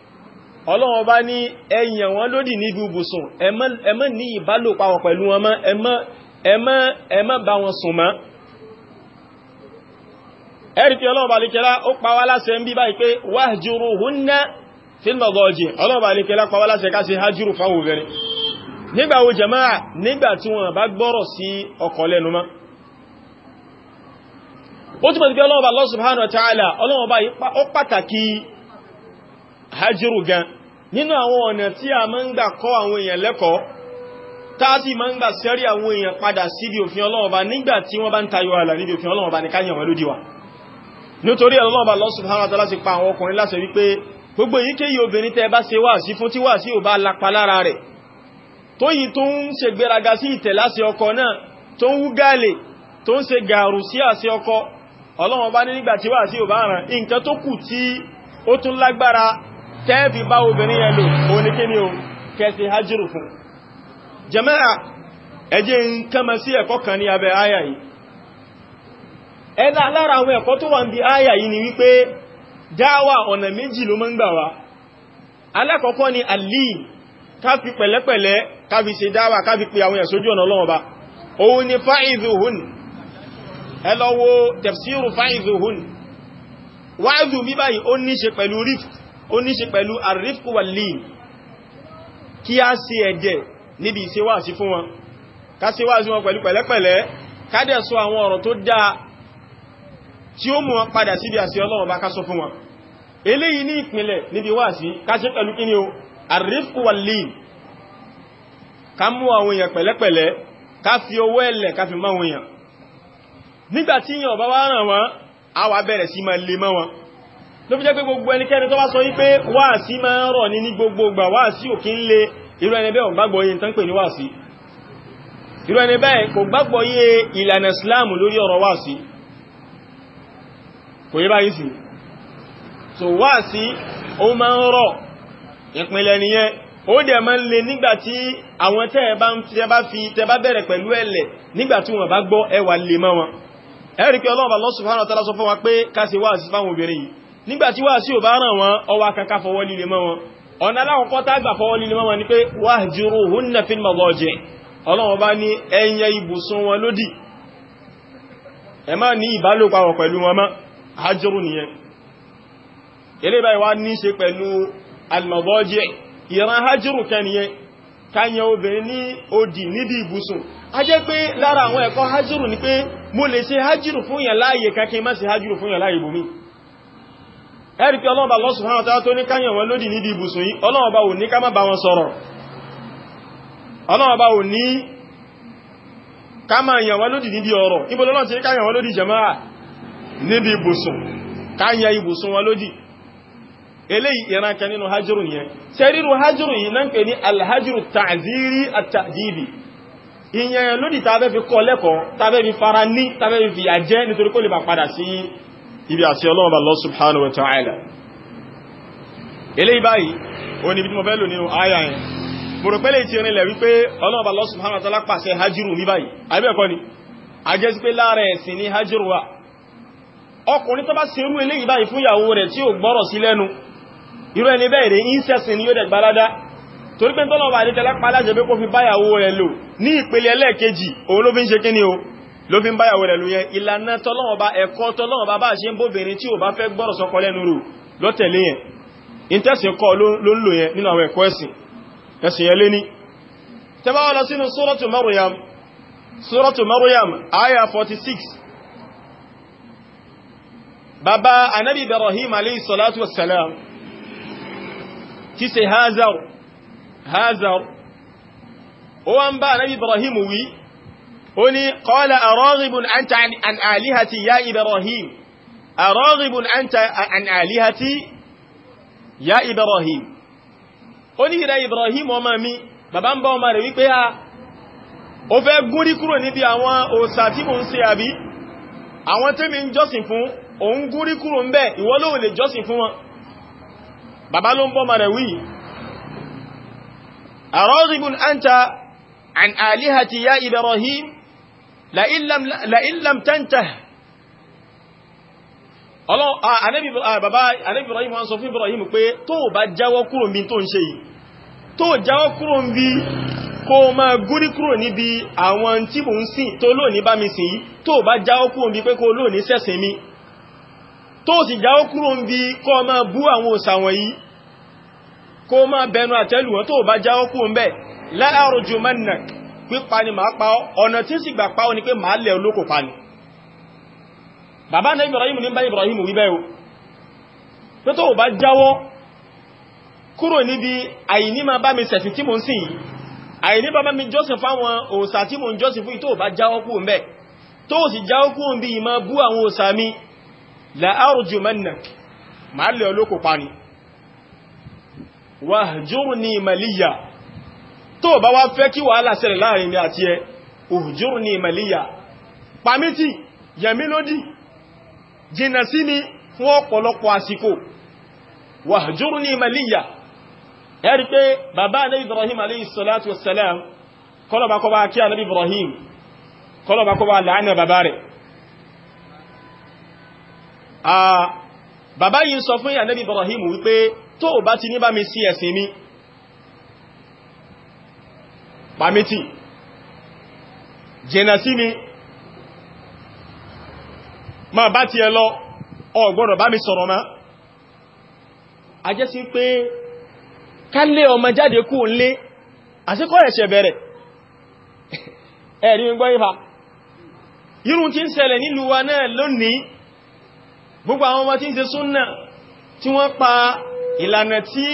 ọlọ́wọ́n bá ní ẹ̀yàn wọn lódì níbi ibùsùn ẹ má ní ìbálòpọ̀ pẹ̀lú wọn mọ́ ẹ má bá wọn sùn mọ́ ẹ̀rì tí ọlọ́wọ́n bá lè kẹ́lá ó pa wá láṣẹ ń bí báyìí pé wahjuruhunna fil madaji ọlọ́wọ́n bá lè kẹ́lá pa wá láṣẹ ká ṣe hajjúrù fáwọn obìnrin nígbà wo jama'a nígbà tí wọn bá gbọ́rọ̀ sí ọkọ Allah subhanahu wa ta'ala ọlọ́wọ́n bá ó pàtàkì hajjiru gan nínú àwọn ọ̀nà tí a máa ń gbà kọ́ àwọn èèyàn lẹ́kọ̀ọ́ táàtì máa ń gbà sẹ́rí àwọn èèyàn padà síbi òfin ọlọ́ọ̀ba nígbà tí wọ́n bá ń tayọ ààlà níbi òfin ọlọ́ọ̀ba ní káyàn wọn Allah subhanahu wa ta'ala ti pa àwọn ọkùnrin láṣẹ wípé gbogbo èyíkéyìí obìnrin tẹ́ bá ṣe wáàsí fún tí wáàsí ò bá lapa lára rẹ̀ tó yìí tó ń ṣe gbéraga sí ìtẹ̀láṣẹ ọkọ náà tó ń wúgáàlè ò bá ràn nǹkan tó kù tí ó tún lágbára tẹ́ẹ̀fì bá obìnrin yẹn lò oníkíní o kẹsì hajjúrù fún jama'a ẹjẹ́ ń kẹmọ sí ẹ̀kọ́ kan ní abẹ́ àyà yìí ẹ̀dà lára àwọn ẹ̀kọ́ tó wà ń bí àyà yìí ni wípé dáwà ọ̀nà méjì ló mọ́ngbà wá alákọ̀ọ́kọ́ ni alì káfi pẹ̀lẹ́pẹ̀lẹ́ káfi ṣe dáwà káfi pe àwọn wáàzù bí báyìí ó ní ṣe pẹ̀lú rift ó ní ṣe pẹ̀lú arifku wal-lin kí a ṣe ẹ̀jẹ̀ níbi ìṣewàásí fún wọn ká ṣe wàásí wọn pẹ̀lú pẹ̀lẹ́pẹ̀lẹ́ ká dẹ̀ sọ àwọn ọ̀rọ̀ tó dáa tí ó mú wọn padà síbi àṣẹ Ọlọ́run bá ká sọ fún wọn eléyìí ní ìpìnlẹ̀ arifku wal-lin ká mú àwọn èèyàn pẹ̀lẹ́pẹ̀lẹ́ ká fi owó ẹ̀lẹ̀ ká fi máwọn èèyàn nígbàtí èèyàn bá wá ràn wọ́n ló fi jẹ́ pé gbogbo ẹnikẹ́ni tó bá sọ wípé wáàsí máa ń rọ̀ ní ní gbogbo ìgbà wáàsí ò kí ń le irú ẹni bẹ́ẹ̀ ò gbàgbọ́ tán pè ní wáàsí irú ẹni bẹ́ẹ̀ kò gbàgbọ́ yé ìlànà Islam lórí ọ̀rọ̀ wáàsí kò yé báyìí sí so wáàsí ó máa ń rọ̀ ìpínlẹ̀ nìyẹn ó dẹ̀ máa ń le nígbà tí àwọn tẹ́ bá fi tẹ́ bá bẹ̀rẹ̀ pẹ̀lú ẹ̀lẹ̀ nígbà tí wọ́n bá gbọ́ ẹwà lè mọ́ wọn ẹ̀rí pé Ọlọ́run sọ fún wa pé ká ṣe wáàsí fáwọn obìnrin yìí nígbàtí wà sí ò bá ràn wọn ọwà kankan fọwọ́ líle mọ́ wọn ọ̀nà alákọ̀ọ́kọ́ tágbà fọwọ́ líle mọ́ wọn ni pé wahjuruhunna fil madaji ọlọ́wọ́ bá ní ẹyẹ ibùsùn wọn lódì ẹ má ní ìbálòpàwọ̀ pẹ̀lú wọn mọ́ hajjúrú nìyẹn eléyìí báyìí wá ní ṣe pẹ̀lú al-madaji ìran hajjúrú kẹ́niyẹn káyẹ obìnrin ní odì nídìí ibùsùn a jẹ́ pé lára àwọn ẹ̀kọ́ hajjúrú ni pé mo lè ṣe hajjúrú fún yàn láàyè kankan má ṣe hajjúrú fún yàn láàyè bòmíì ẹ̀rí pé ọlọ́ọ̀bà Allah subhanahu wa ta'ala tó ní káyàn wọn lódì níbi ibùsùn yìí ọlọ́ọ̀bà ò ní ká má bá wọn sọ̀rọ̀ ọlọ́ọ̀bà ò ní ká má yàn wọn lódì níbi ọ̀rọ̀ ibo lọ́lọ́ ti ní káyàn wọn lódì jama'a níbi ibùsùn káyà ibùsùn wọn lódì eléyìí ìrankan nínú hajjuru yẹn sẹ́ríru hajjuru yìí náà ń pè ní alhajjuru ta'ziri at-ta'dibi ìyẹn lódì tàbẹ́ fi kọ́ lẹ́kọ̀ọ́ tàbẹ́ fi fara ibi àti ọlọ́ọ̀bà Allah subhanahu wa ta'ala eléyìí báyìí o ní ibi tí mo fẹ́ lò nínú àyà yẹn mo rò pẹ́lẹ̀ tí rinlẹ̀ wípé ọlọ́ọ̀bà Allah subhanahu wa ta'ala pàṣẹ hajjúrù ní báyìí àbẹ́ẹ̀kọ́ ni a jẹ́ sí pé láàrẹ̀ ẹ̀sìn ní hajjúrù wa ọkùnrin tó bá serú eléyìí báyìí fún ìyàwó rẹ̀ tí ò gbọ́rọ̀ sí irú ẹni bẹ́ẹ̀ rẹ̀ ni yóò dẹ̀ gbalada torí pé tọ́lọ̀ bá kó fi báyàwó rẹ̀ lò ní ìpele ẹlẹ́ẹ̀kejì òun ló fi ń o ló fi ń báyàwó rẹ̀ lóyẹ ìlànà tọ́lọ́wọ́ bá ẹ̀kọ́ tọ́lọ́wọ́ bá bá ṣe ń bóbìnrin tí ò bá fẹ́ gbọ́rọ̀ sọ́kọ lẹ́nu rò lọ́tẹ̀lé yẹn ìtẹ́sìn kọ́ ló ń lò yẹn nínú àwọn ẹ̀kọ́ ẹ̀sìn yẹn lé ní suratu Maryam suratu Maryam aya 46 bàbá anabi Ibrahim alayhi salatu wassalam ti ṣe hazar hazar ó wá ń bá anabi Ibrahim wí ó ní qala araghibun anta an alihati ya ibrahim araghibun anta an alihati ya ibrahim ó ní ìrẹ ibrahim ọmọ mi bàbá ń bá ọmọ rẹ̀ wípé a ah, ó fẹ́ gúrí kúrò níbi àwọn òsà tí mo ń ṣe àbí àwọn tẹ́mi ń jọ́sìn fún òun gúrí kúrò ń bẹ́ ìwọ ya ibrahim لئن لم تنته ọlọ́wọ́ ànábì Ibrahim wọ́n sọ fún Ibrahim pé tó bá jáwọ́ kúrò níbi tó ń ṣe yìí tó jáwọ́ kúrò níbi kó máa gúrí kúrò níbi àwọn tí mò ń sìn tó lóòní bá mi sìn yìí tó bá jáwọ́ kúrò níbi pé kó lóòní sẹ́sìn mi tó sì jáwọ́ kúrò níbi kó máa bú àwọn òsà wọ̀nyí kó máa bẹnu àtẹ́lù wọn tó bá jáwọ́ kúrò níbẹ̀ la arjumannak pípa ni máa pa ọ́ ọ̀nà tí sì gbà pa ọ́ ni pé máa lẹ̀ olóko pa ni bàbá náà Ibrahim ní bá Ibrahim wí bẹ́ẹ̀ o pé tó bá jáwọ́ kúrò níbi àìní máa bá mi sẹ̀sìn tí mo ń sìn yìí àìní bá bá mi jọ́sìn fáwọn òòsà tí mo ń jọ́sìn fún yìí jáwọ́ kúrò ń bẹ̀ tó sì jáwọ́ kúrò bí ìmọ̀ bú àwọn òòsà mi la'arjumannak máa lẹ̀ olóko pa ni wahjurni maliya tó bá wá fẹ́ kí wàhálà ṣẹlẹ̀ láàrin mi àti ẹ òjòrò ní ìmẹ̀líyà pàmítì yẹ̀mí lódì jìnà sí ni fún ọ̀pọ̀lọpọ̀ àsìkò wàjòrò ní ìmẹ̀líyà ẹ̀rí pé bàbá alẹ́ Ibrahim alayhi salatu wassalam kọlọ̀bàkọba kí alẹ́ Ibrahim kọlọ̀bàkọba làánà bàbá ah, Ibrahim wípé tó bá ti ní bá pàmítì jẹ́nà sí mi ma bá ti ẹ lọ ọ gbọ́dọ̀ bá mi sọ̀rọ̀ ma a jẹ́ sí pé ká lé ọmọ jáde kú nlé àsìkò ẹ̀ṣẹ̀ bẹ̀rẹ̀ ẹ̀rí gbọ́ ìfà irun tí ń ṣẹlẹ̀ nílùú wa náà lónìí gbogbo àwọn ọmọ tí ń ṣe súnnà tí wọ́n pa ìlànà tí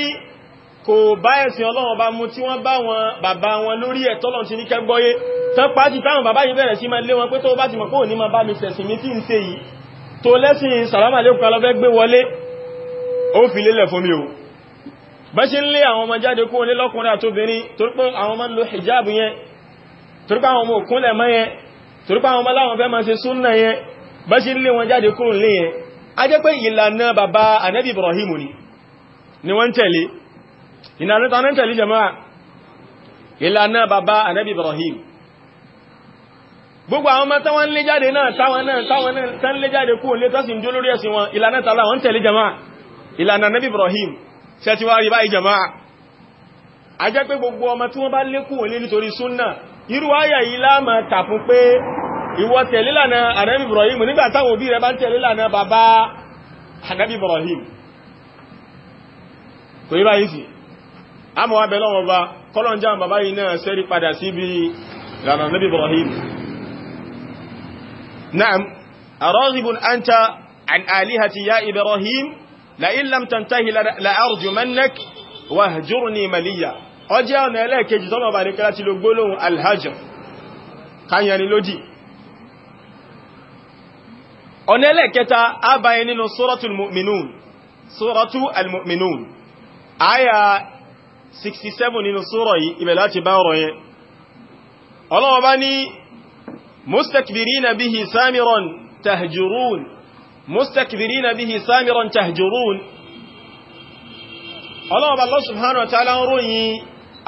kò bá ẹ̀sìn ọlọ́run bá mú tí wọ́n bá wọn bàbá wọn lórí ẹ̀tọ́lọ̀ tí ní kẹgbọ́yé tán pàájì táwọn bàbá yìí bẹ̀rẹ̀ sí máa lé wọn pé tó bá ti mọ̀ pé òní máa bá mi ṣẹ̀sìn mi tí ń ṣe yìí tó lẹ́sìn sàlámà lẹ́kùn lo hijab yẹn torí pé àwọn ọmọ òkúnlẹ̀ mọ́ yẹn torí pé àwọn ọmọ láwọn fẹ́ máa ṣe súnnà yẹn bá ṣe ń lé wọn jáde ni ni wọ́n tẹ̀lé ìlànà tánà tẹ̀lé jama'a ìlànà bàbá anábì Ibrahim gbogbo àwọn mata wọn lé jáde náà táwọn náà táwọn náà tán lé jáde kú lé tọ́sí ń jó lórí ẹ̀sìn wọn ìlànà tààlà wọn tẹ̀lé jama'a ìlànà anábì Ibrahim ṣe ti wá rí báyìí jama'a a jẹ́ pé gbogbo ọmọ tí wọ́n bá lé kú lé nítorí súnnà irú ayà yìí láàmà tàpù pé ìwọ tẹ̀lé lànà anábì Ibrahim nígbà táwọn òbí rẹ bá ń tẹ̀lé lànà bàbá anábì Ibrahim kò yí báyìí sí a mọ̀ wá bẹ̀ lọ́wọ́ bá kọ́lọ̀njá bàbá yìí náà sẹ́rí padà sí bí lànà Nabi Ibrahim na'am araghibun anta an alihati ya Ibrahim la in lam tantahi la arjumannak wahjurni maliya ọjẹ́ ọ̀nà ẹlẹ́ẹ̀kejì tọ́nà bá ní kí láti lo gbólóhùn alhajr káyẹni lódì ọ̀nà ẹlẹ́ẹ̀kẹta ábáyẹ nínú sóràtù al-mu'minun sóràtù al 67 nínú súrọ̀ yìí ibẹ̀ láti bá ọ̀rọ̀ yẹn ọlọ́wọ́ bá ní mustakbirina bihi samiran tahjurun mustakbirina bihi samiran tahjurun ọlọ́wọ́ bá Allah subhanahu wa ta'ala ń ròyìn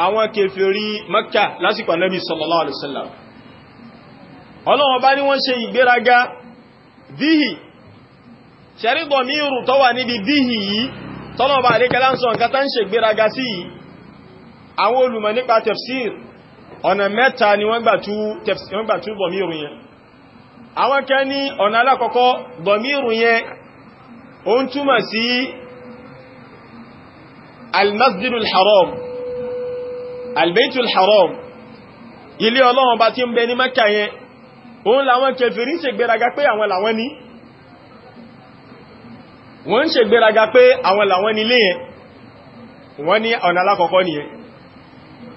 àwọn kèfèrí Makka lásìkò Ànábì sallallahu alaihi wasallam ọlọ́wọ́ bá ní wọ́n ṣe ìgbéraga bihi ṣẹ̀rígbọ̀ mírù tọ́wà níbi àwọn olùmọ̀ nípa tafsir ọ̀nà mẹ́ta ni wọ́n gbà tú bọ̀míru yẹn àwọn kẹ́ ní ọ̀nà alákọ̀ọ́kọ́ bọ̀míru yẹn ó ń túmọ̀ sí almasjidul haram albaitul haram ilé ọlọ́run bá ti ń bẹ ní mẹ́kà yẹn òun làwọn kèfèrí ṣe gbéraga pé àwọn làwọn ní wọ́n ń ṣe gbéraga pé àwọn làwọn nílé yẹn wọ́n ní ọ̀nà alákọ̀ọ́kọ́ nìyẹn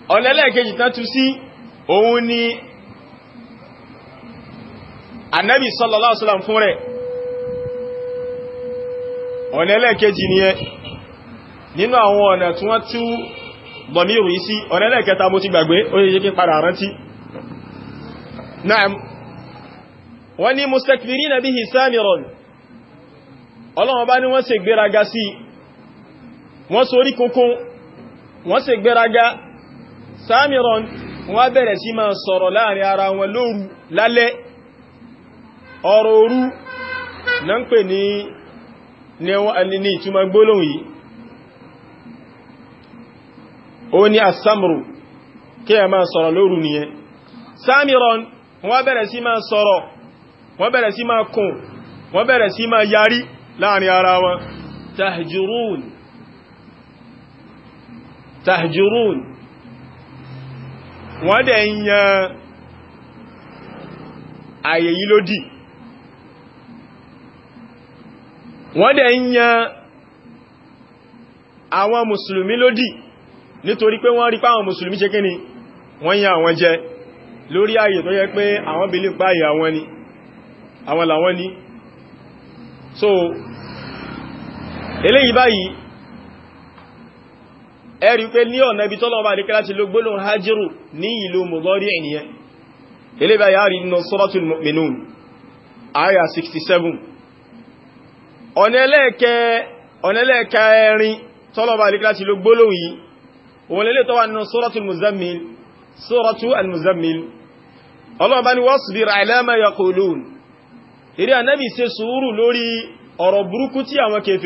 ọ̀lẹ́lẹ́kejì tán tú sí òun ni Ànábì sallallahu alaihi wasallam fún rẹ̀ ọ̀lẹ́lẹ́kejì ni ẹ nínú àwọn ọ̀nà tí wọ́n tú bọ̀míru isi ọ̀lẹ́lẹ́kẹta mo ti gbàgbé ó yẹ kí padà rántí na'am wọ́n ni mustakbirina bihi samiran ọlọ́wọ́n bá ní wọ́n ṣe gbéraga sí wọ́n sorí kúnkún wọ́n ṣe gbéraga samiron wọ́n bẹ̀rẹ̀ sí máa sọ̀rọ̀ láàrin ara wọn lóru lálẹ́ ọ̀rọ̀ òru na ń pè ní ní ìtumọ̀ gbólóhùn yìí ó ní asamru kí a máa sọ̀rọ̀ lóru nìyẹn samiron wọ́n bẹ̀rẹ̀ sí máa sọ̀rọ̀ wọ́n bẹ̀rẹ̀ sí máa kùn wọ́n bẹ̀rẹ̀ sí wọ́n dẹ̀ ń yan ààyè yìí lódì wọ́n dẹ̀ ń yan àwọn mùsùlùmí lódì nítorí pé wọ́n rí pé àwọn mùsùlùmí ṣe kíni wọ́n yan àwọn jẹ lórí ààyè tó yẹ pé àwọn bí lè páyè àwọn ni àwọn làwọn ni so eléyìí báyìí ẹ̀rí pé ní ọ̀nà ibi tọ́lọ́wọ́ bá dékẹ́ láti ló gbólóhùn hajjiru ní ìlú mọ̀gọ́rí ènìyàn ilé bá yáà rí nínú suratul mu'minun aya 67 ọ̀nẹ́lẹ́ẹ̀kẹ́ ẹ̀rin tọ́lọ́wọ́ bá dékẹ́ láti ló gbólóhùn yìí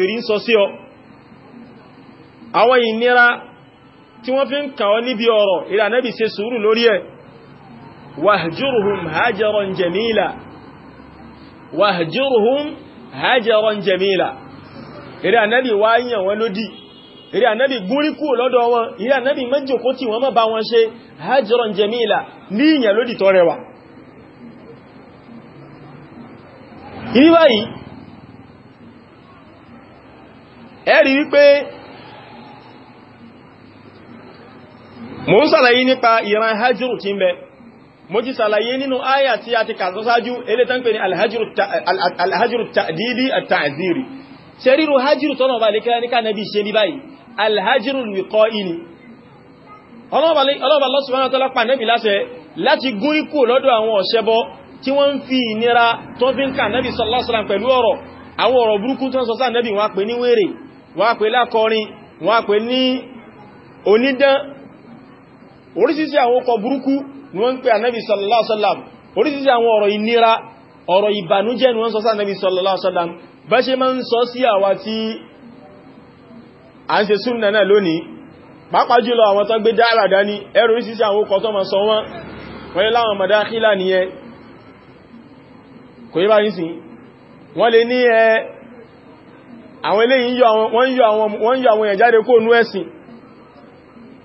òun àwọn ìnira tí wọ́n fi ń kàn ọ́ níbi ọ̀rọ̀ ìrànẹ́bì ṣe sùúrù lórí ẹ̀ wàhjúrùhùn hajjaron jamila wàhjúrùhùn hajjaron jamila ìrànẹ́bì wá yàn wọn lódì ìrànẹ́bì gúríkù lọ́dọ̀ wọn ìrànẹ́bì mẹ́jọkó tí wọ́n má bá wọn ṣe hajjaron jamila ní ìyàn lódì tó rẹwà ìrí báyìí ẹ̀rí wípé mo ń sàlàyé nípa ìran hajjúrù tí ń bẹ mo ti sàlàyé nínú àyà tí a ti kàtọ́ sáájú ilé tán pè ní alhajjúrù tàdídí àtàzírí ṣe ríru hajjúrù tọ́nà bá lè kíra ní kánàbí ṣe ní báyìí alhajjúrù lùkọ́ ìní ọlọ́bà lọ́sùwọ́n tọ́lá pàdébì láṣẹ láti gún ikú lọ́dọ̀ àwọn ọ̀ṣẹ́bọ tí wọ́n ń fi ìnira tó fi ń kà nẹ́bì sọ́lọ́sọ́lá pẹ̀lú oríṣiríṣi àwọn ọkọ̀ burúkú ni wọ́n ń pè ànábì sallallahu alaihi wasallam oríṣiríṣi àwọn ọ̀rọ̀ ìnira ọ̀rọ̀ ìbànújẹ́ ni wọ́n sọ sí ànábì sallallahu alaihi wasallam bá ṣe máa ń sọ sí àwa tí a ń ṣe súnnà náà lónìí pàápàá jùlọ àwọn tó gbé dáàrà dání ẹrù oríṣiríṣi àwọn ọkọ̀ tó máa sọ wọ́n wọ́n yẹ láwọn mọ̀dáhílà nìyẹn kò yí bá yí sí wọ́n lè ní ẹ àwọn eléyìí wọ́n yọ àwọn èèyàn jáde kó nú ẹ̀sìn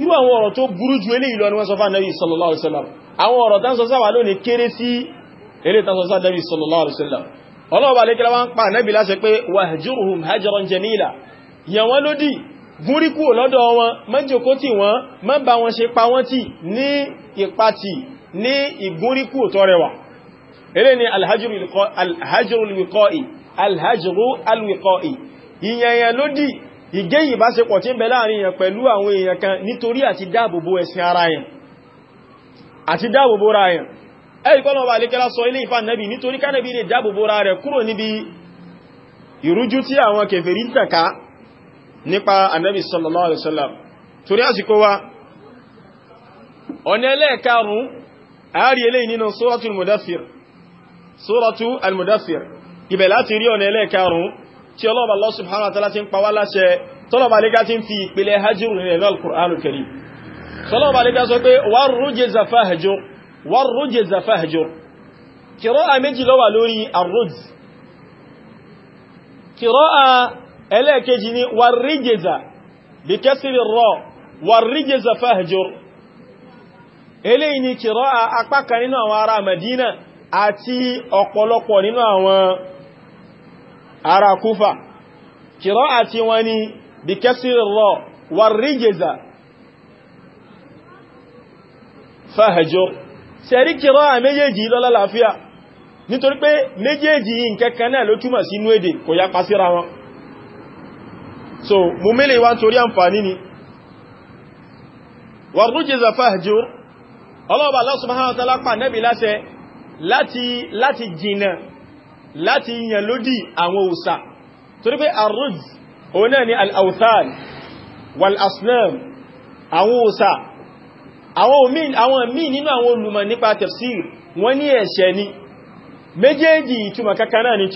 irú àwọn ọ̀rọ̀ tó burú ju eléyìí lọ ni wọ́n sọ fún Ànábì sallallahu alaihi wasallam àwọn ọ̀rọ̀ tán sọ sáwà lónìí kéré sí eré tán sọ sáà Ànábì sallallahu alaihi wasallam ọlọ́ọ̀bà lè kíra wá ń pa Ànábì láṣẹ pé wahjuruhum hajran jamila yàn wọ́n lódì gúríkù lọ́dọ̀ wọn mẹ́jọkó tí ni alhajru alwiqa'i alhajru alwiqa'i ìyẹ̀yẹ̀ ìgé ìbáṣepọ̀ tí ń bẹ láàrin èèyàn pẹ̀lú àwọn èèyàn kan nítorí àti dáàbòbò ẹ̀sìn ara yẹn àti dáàbòbò ra yẹn ẹ̀rìkọ́lọ̀ wà lékẹ́lá sọ ilé ìfà nẹ́bì nítorí kánẹ́bì lè dáàbòbò ra rẹ̀ kúrò níbi ìrújú tí àwọn kèfèrí tànká nípa ànẹ́bì sallallahu alaihi wasallam torí àsìkò wa ọ̀nà ẹlẹ́ẹ̀karùn-ún àárí eléyìí nínú sóràtù al-mudaththir sóràtù al-mudaththir tí ọlọ́ọ̀bà Allah subhanahu wa ta'ala ti ń pa wá láṣẹ tọ́lọ̀bà lẹ́gá ti ń fi ìpìlẹ̀ hajjúrù nílẹ̀ lọ́l Qur'anul Karim tọ́lọ̀bà lẹ́gá sọ pé warrujza fahjur warrujza fahjur kìrọ́à méjì ló wà lórí arrujz kìrọ́à ẹlẹ́ẹ̀kejì ni warrijza bí kasri rọ warrijza fahjur eléyìí ni kìrọ́à apá àti ọ̀pọ̀lọpọ̀ nínú àwọn ara kúfà kìrọ́ àti wọn ni bí kẹsìrì rọ wà rígèzà fàhẹjọ́ sẹ́rí kìrọ́ à méjèèjì lọ́lá láfíà nítorí pé méjèèjì yìí nkẹ́kẹ́ náà ló túmọ̀ sínú èdè kò yá pásíra wọn so mú mẹ́lẹ̀ wá torí àǹfàní ni wà rígèzà fàhẹjọ́ ọlọ́ọ̀bà Allah subhanahu wa ta'ala pa láti jìnà láti yàn lódì àwọn òsà torí pé arúd òun náà ni al-awthan wal-asnam àwọn òsà àwọn míì nínú àwọn olùmọ̀ nípa tafsir wọ́n ní ẹ̀ṣẹ̀ ni méjèèjì ìtumọ̀ kankan náà ni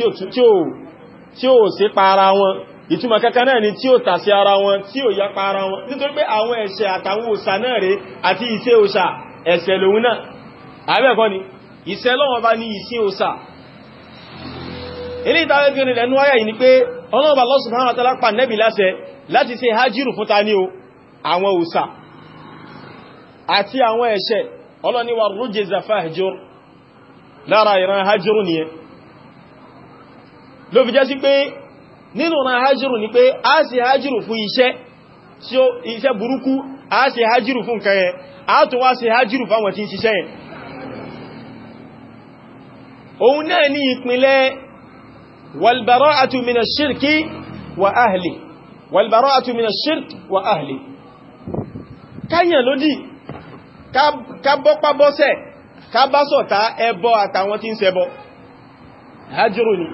tí ó sí para wọn ìtumọ̀ kankan náà ni tí ó tàsí ara wọn tí ó yapa ara wọn nítorí pé àwọn ẹ̀ṣẹ̀ àtàwọn òsà náà rẹ̀ àti ìṣẹ́ òsà ẹ̀ṣẹ̀ lòun náà àbẹ́ẹ̀kọ́ ni ìṣẹ́ lọ́wọ́ bá ní ìṣẹ́ òsà ilé ìtàwẹ́ fi rìnlẹ̀ ní ayà yìí ni pé ọlọ́ọ̀bà Allah subhanahu wa ta'ala nẹ́bì láṣẹ láti ṣe hajjiru fún ta ní o àwọn òsà àti àwọn ẹ̀ṣẹ̀ ọlọ́niwà rújẹ zafahjur lára ìran hajjiru ni fi ìran a si a si a si òun náà walbara'atu min ash-shirki wa ahli walbara'atu min ash-shirki wa ahli káyàn lódì ká bọ́pá bọ́sẹ̀ ká bá sọ̀tá ẹbọ àtàwọn tí ń ṣẹbọ hajjúrù ni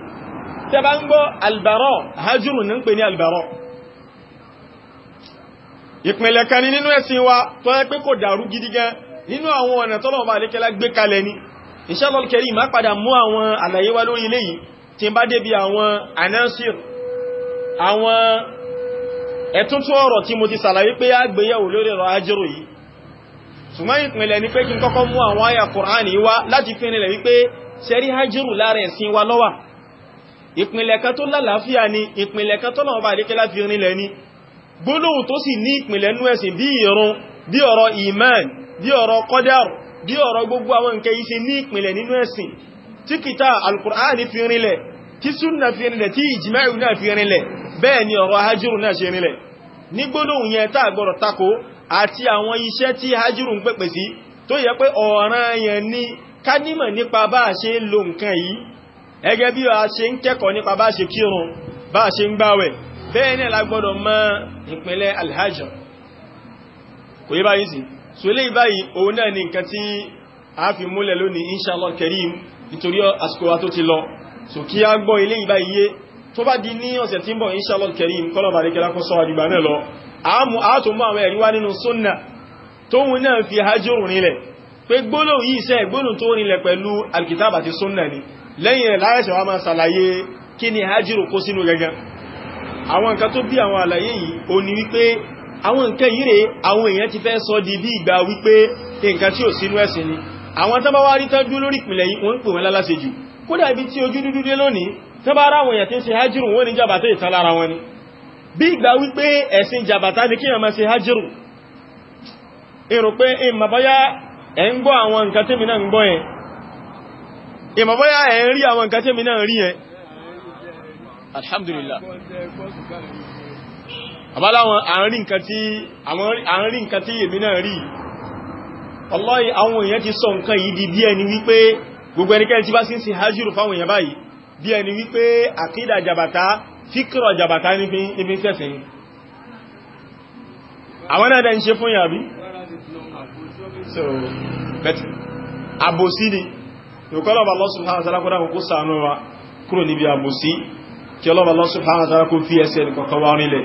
tẹ bá ń gbọ́ albaro hajjúrù ní ń pè ní albaro ìpínlẹ̀ kan ní nínú ẹ̀sìn wa tó yẹ pé kò dàrú gidi gan nínú àwọn ọ̀nà tọ́lọ̀ tí n bá débi àwọn anẹ́sìr àwọn ẹ̀túntú ọ̀rọ̀ tí mo ti sàlàyé pé àgbéyẹ̀wò lórí ọ̀rọ̀ ajérò yìí ṣùgbọ́n ìpìnlẹ̀ ni pé kí n kọ́kọ́ mú àwọn àyà Kùránì wá láti fi wípé ṣẹ́rí hajjírù lára ẹ̀sìn wa lọ́wà ìpìnlẹ̀ kan ni ìpìnlẹ̀ kan tó lọ́wọ́ bá dékẹ́ láti rinlẹ̀ ni gbólóhùn tó sì ní ìpìnlẹ̀ nú ẹ̀sìn bí ìrun bí ọ̀rọ̀ iman bí ọ̀rọ̀ qadar bí ọ̀rọ̀ gbogbo àwọn nǹkan yìí ṣe ní ìpìnlẹ̀ nínú ẹ̀sìn tí kìtà Al-Kùránì fi rinlẹ̀ tí súnà fi rinlẹ̀ tí ìjìmáìrù náà fi rinlẹ̀ bẹ́ẹ̀ ni ọ̀rọ̀ hajjúrù náà ṣe rinlẹ̀ ní gbólóhùn yẹn tá àgbọ̀rọ̀ tako àti àwọn iṣẹ́ tí hajjúrù ń pèpè sí tó yẹ pé ọ̀ràn yẹn ni ká nímọ̀ nípa bá ni nǹkan tí a fi múlẹ̀ nítorí àsìkò wa tó ti lọ so kí a gbọ́ ilé ìbá iye tó bá di ní ọ̀sẹ̀ tí ń bọ̀ inshallah karim kọ́lọ̀bà lè kẹ́lá kọ́ sọ àdìgbà náà lọ àmú àtòmọ́ àwọn ẹ̀rí wá nínú súnnà tóhun náà fi hajjórùn nílẹ̀ pé gbólò yìí iṣẹ́ gbólò tó ni lẹ́yìn rẹ̀ láyẹ̀ṣẹ̀ wá máa ṣàlàyé kí ni hajjórù kó sínú gangan àwọn nǹkan tó bí àwọn àlàyé yìí ó ní wípé àwọn nǹkan yìí rẹ̀ àwọn èèyàn ti fẹ́ sọ di bí ìgbà wípé nǹkan tí ò sínú kódà ibi tí ojú dúdú dé lónìí tó bá ráwọn èèyàn tí ń ṣe hajjiru wọ́n ní jàbàtà ìtàn lára wọn ni bí ìgbà wípé ẹ̀sìn jàbàtà ní kíyàn máa ṣe hajjiru èrò pé ìmọ̀bọ́yá ẹ̀ ń gbọ́ àwọn nǹkan tí mi náà ń gbọ́ yẹn ìmọ̀bọ́yá ẹ̀ ń rí àwọn nǹkan tí mi náà rí yẹn alhamdulillah àbáláwọn àárín nǹkan tí èmi náà rí wallahi àwọn èèyàn ti sọ nǹkan yìí di bí ẹni wípé gbogbo ẹnikẹ́ni tí bá sí ń sin hajjúrù fáwọn èèyàn báyìí bí ẹni wípé àkídà jàbàtá fíkìrọ̀ jàbàtá níbi tẹ́sẹ̀ ni àwọn náà dẹ̀ ń ṣe fún yàbí so better àbòsí ni ìkọlọ̀bà Allah subhanahu wa ta'ala kó dákò kó sàánú wa kúrò níbi àbòsí kí ọlọ́bà Allah subhanahu wa ta'ala kó fi ẹsẹ̀ nìkọ̀kọ́ wá nílẹ̀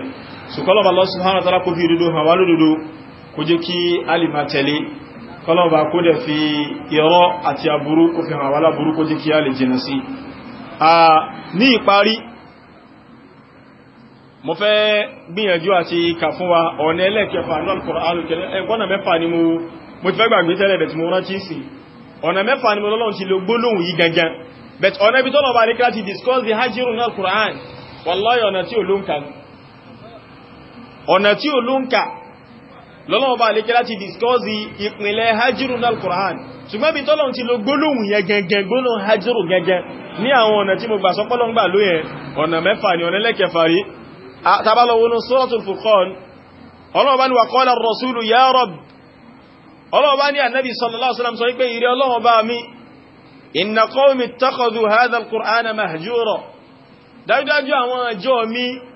so kọlọ́ọ̀bá kó dẹ̀ fi irọ́ àti aburú kó fi hàn wálá burú jí kí a lè jìnà sí ní ìparí mo fẹ́ gbìyànjú àti kà fún wa ọ̀nà ẹlẹ́kẹfà ọ̀nà ni mo ti fẹ́ gbàgbé tẹ́lẹ̀ bẹ̀ tí mo rántí sí ọ̀nà mẹ́fà ni mo lọ́lọ́run ti lo gbólóhùn yìí gangan but ọ̀nà ibi tọ́lọ̀ bá ní kíláti discuss the hajjirun náà Qur'an wallahi ọ̀nà tí ò ló lọ́lọ́wọ́ bá lè kí láti discourse ìpìnlẹ̀ hajjiru náà Qur'an ṣùgbọ́n bí tọ́lọ́n ti lo gbólóhùn yẹn gẹ́gẹ́ gbólóhùn hajjiru gẹ́gẹ́ ní àwọn ọ̀nà tí mo gbà sọpọ́lọ́n gbà ló yẹn ọ̀nà mẹ́fà ni ọ̀nà lẹ́kẹfà rí tabalọ́wọ́nú Suratul Furqan ọlọ́wọ́ bá ní wa qala ar-rasulu ya Rabb ọlọ́wọ́ bá ní ànábì sallallahu alaihi wasallam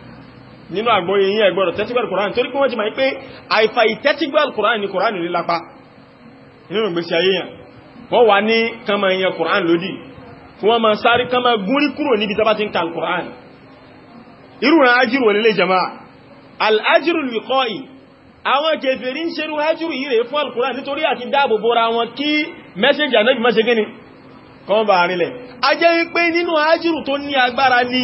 nínú àgbọ́yé yín ẹ gbọ́dọ̀ tẹ́tígbàl kòránì torí pé wọ́n ti máa pé àìfà ìtẹ́tígbàl kòránì ni kòránì lè lápá nínú ìgbésí ayé yàn wọ́n wà ní kánmà ìyẹn kòránì lódì kí wọ́n máa sáré kánmà gúnrí kúrò níbi tàbá ti ń kà kòránì irú ràn ájírù wọlé lè jama'a al'ájírù lìkọ́ì àwọn kèfèrí ń ṣerú ájírù yìí rẹ̀ fún alkùnrin nítorí àti dáàbò bóra wọn kí mẹ́sẹ̀jì ànábì mẹ́sẹ̀ gẹ́ni ni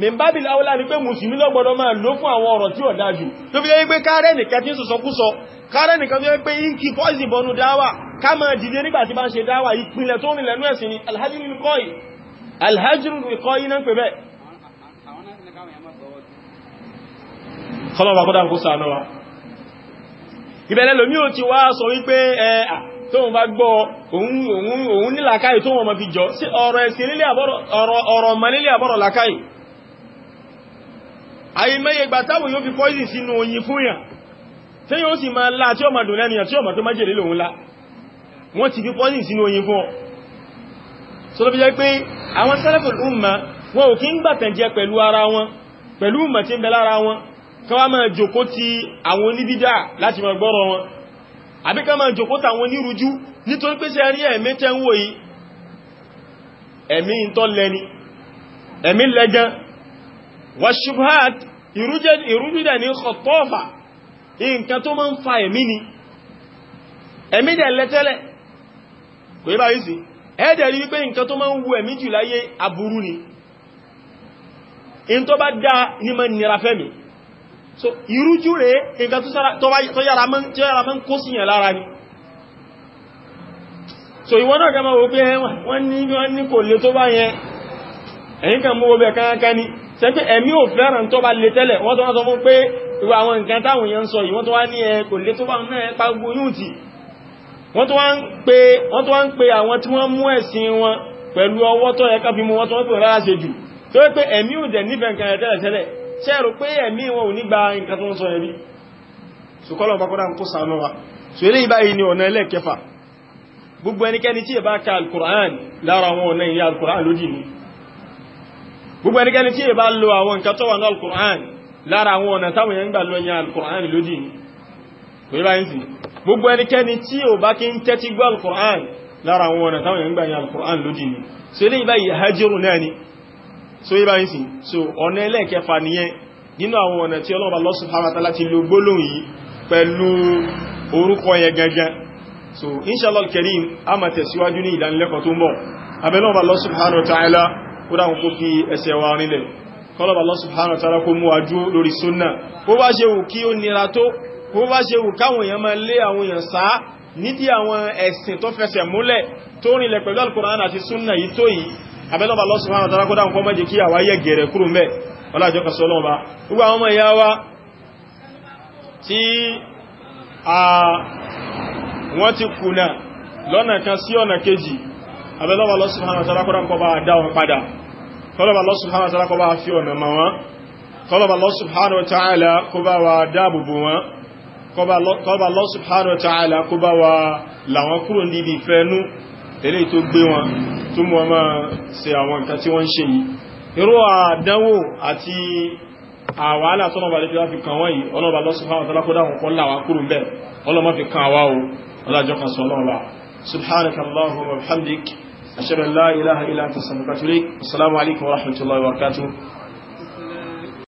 mẹ́bàbìlì awọ́lá ní pé mùsùlùmí ló gbọ́dọ̀ máa lò fún àwọn ọ̀rọ̀ tí ó dájú tó fi yẹ́ pé káàrẹ́ nìkan tí ń sọ̀sọ̀kúsọ káàrẹ́ nìkan tó yẹ́ pé ìǹkì pọ́ìsì bọnú dáwà ká máa dìde nígbà tí bá ń ṣe dáwà ìpìlẹ̀ tó rìnlẹ̀ nú ẹ̀sìn ni alhajjirun ìkọ́yí náà pè bẹ́ ìbẹ̀lẹ̀ lòmí ò ti wá sọ wípé ẹ̀ tóun bá gbọ́ òun nílàkáì tóun ọmọ fi jọ sí ọ̀rọ̀ ẹ̀sìn lílé àbọ̀rọ̀ ọ̀rọ̀ ọ̀mọ̀ lílé àbọ̀rọ̀ làkáì àìmẹ́yẹ gbà táwọn yóò fi poison sínú oyin fún yàn tí yóò sì máa lá tí ó máa dùn lẹ́nìyàn tí ó máa tó májèlé lòun lá wọ́n ti fi poison sínú oyin fún ọ so pé àwọn salaful umma wọn ò kí ń gbàtànjẹ pẹ̀lú ara wọn pẹ̀lú umma tí ń bẹ lára wọn ká wá máa jòkó ti àwọn oníbídà láti máa gbọ́rọ̀ wọn àbí ká máa ẹ̀mí tẹ́ ẹ̀mí lẹ́gán wàṣùbáàt ìrújúdẹ̀ ní ọ̀tọ́ọ̀fà nǹkan tó máa ń fa ẹ̀mí ni ẹ̀mí dẹ̀ lẹ́tẹ́lẹ̀ kò yí bá yí sí ẹ̀ẹ́dẹ̀ rí wípé nǹkan tó máa ń wu ẹ̀mí jù láyé aburú ni in tó bá dá ní ma nira fẹ́mi so ìrújú rẹ̀ nǹkan tó yára máa ń kó síyàn lára so ìwọ náà gẹ́mọ̀ wọ́n ní kò lè tó bá yẹn ẹ̀yìn ni ṣe pé ẹ̀mí ò fẹ́ràn tó bá le tẹ́lẹ̀ wọ́n tó wá sọ fún pé ìwà àwọn nǹkan táwọn èèyàn ń sọ yìí wọ́n tó wá ní ẹ kò lé tó bá náà pa gbogbo yóò tì wọ́n tó wá ń pe àwọn tí wọ́n mú ẹ̀sìn wọn pẹ̀lú ọwọ́ tó yẹ ká fi mú wọn tó wọ́n pè rárá ṣe jù tó wé pé ẹ̀mí ò dẹ̀ nífẹ̀ẹ́ nǹkan ẹ̀ tẹ́lẹ̀ tẹ́lẹ̀ ṣe rò pé ẹ̀mí wọn ò ní gba nǹkan tó ń sọ ẹ̀rí ṣùkọ́lọ̀ bákọ́dá ń kó sànú wa so ilé ìbáyìí ni ọ̀nà ẹlẹ́ẹ̀kẹfà gbogbo ẹnikẹ́ni tí ẹ bá ka al-Qur'an lára àwọn ọ̀nà ìyá al lódì ni gbogbo ẹnikẹ́ni tí èbá lo àwọn nǹkan tó wà ní alukur'an lára àwọn ọ̀nà táwọn èèyàn gbà lọ yan alukur'an lódì ní kò yíba yín sí gbogbo ẹnikẹ́ni tí ò bá kí ń tẹ́tí gbọ́ alukur'an lára àwọn ọ̀nà táwọn èèyàn gbà yan alukur'an so ilé ìbá yìí hajiru náà ni lo gbólóhùn yìí pẹ̀lú orúkọ so inshallah karim a máa tẹ̀síwájú ní ìdánilẹ́kọ̀ọ́ tó ń bọ̀ abẹ́lọ́ọ̀bà Allah subhanahu wa ta'ala kó dáhùn kó fi ẹsẹ̀ wa rinlẹ̀ kọlọ̀bà Allah subhanahu wa ta'ala kó mú ajú lórí súnnà kó bá ṣe wù kí ó nira tó kó bá ṣe wù káwọn èèyàn máa lé àwọn èèyàn sáá nídí àwọn subhanahu wa ta'ala kó dáhùn kó má jẹ́ kí àwa yẹ gẹ̀rẹ̀ kúrò mẹ́ ọlájọ́ kan sọ lọ́wọ́ gbogbo àwọn ọmọ ìyá wa tí lọ́nà kan sí ọ̀nà kejì abẹ́lọ́wà Allah subhanahu wa ta'ala kọ́dá kọ́ bá dá wọn padà kọ́lọ́bà Allah subhanahu wa ta'ala kọ́ bá fi ọ̀nà ma wọn kọ́lọ́bà Allah subhanahu wa ta'ala kọ́ bá wa dáàbòbò wọn kọ́lọ́bà Allah subhanahu wa ta'ala kọ́ bá wa làwọn kúrò níbi ìfẹ́nú ilé tó gbé wọn tó mú wọn máa ṣe àwọn nǹkan tí wọ́n ń ṣe yìí irú àdánwò lè fi wá kàn wọ́n yìí ọlọ́bà Allah subhanahu wa kọ́ dá kúrò bẹ́ẹ̀ ọlọ́mọ́ fi kàn wá o ọlọ́jọ́ kan sọ ọlọ́ọ̀bà subhanaka wa bihamdik أشهد أن لا إله إلا أنت أستغفرك السلام عليكم ورحمة الله وبركاته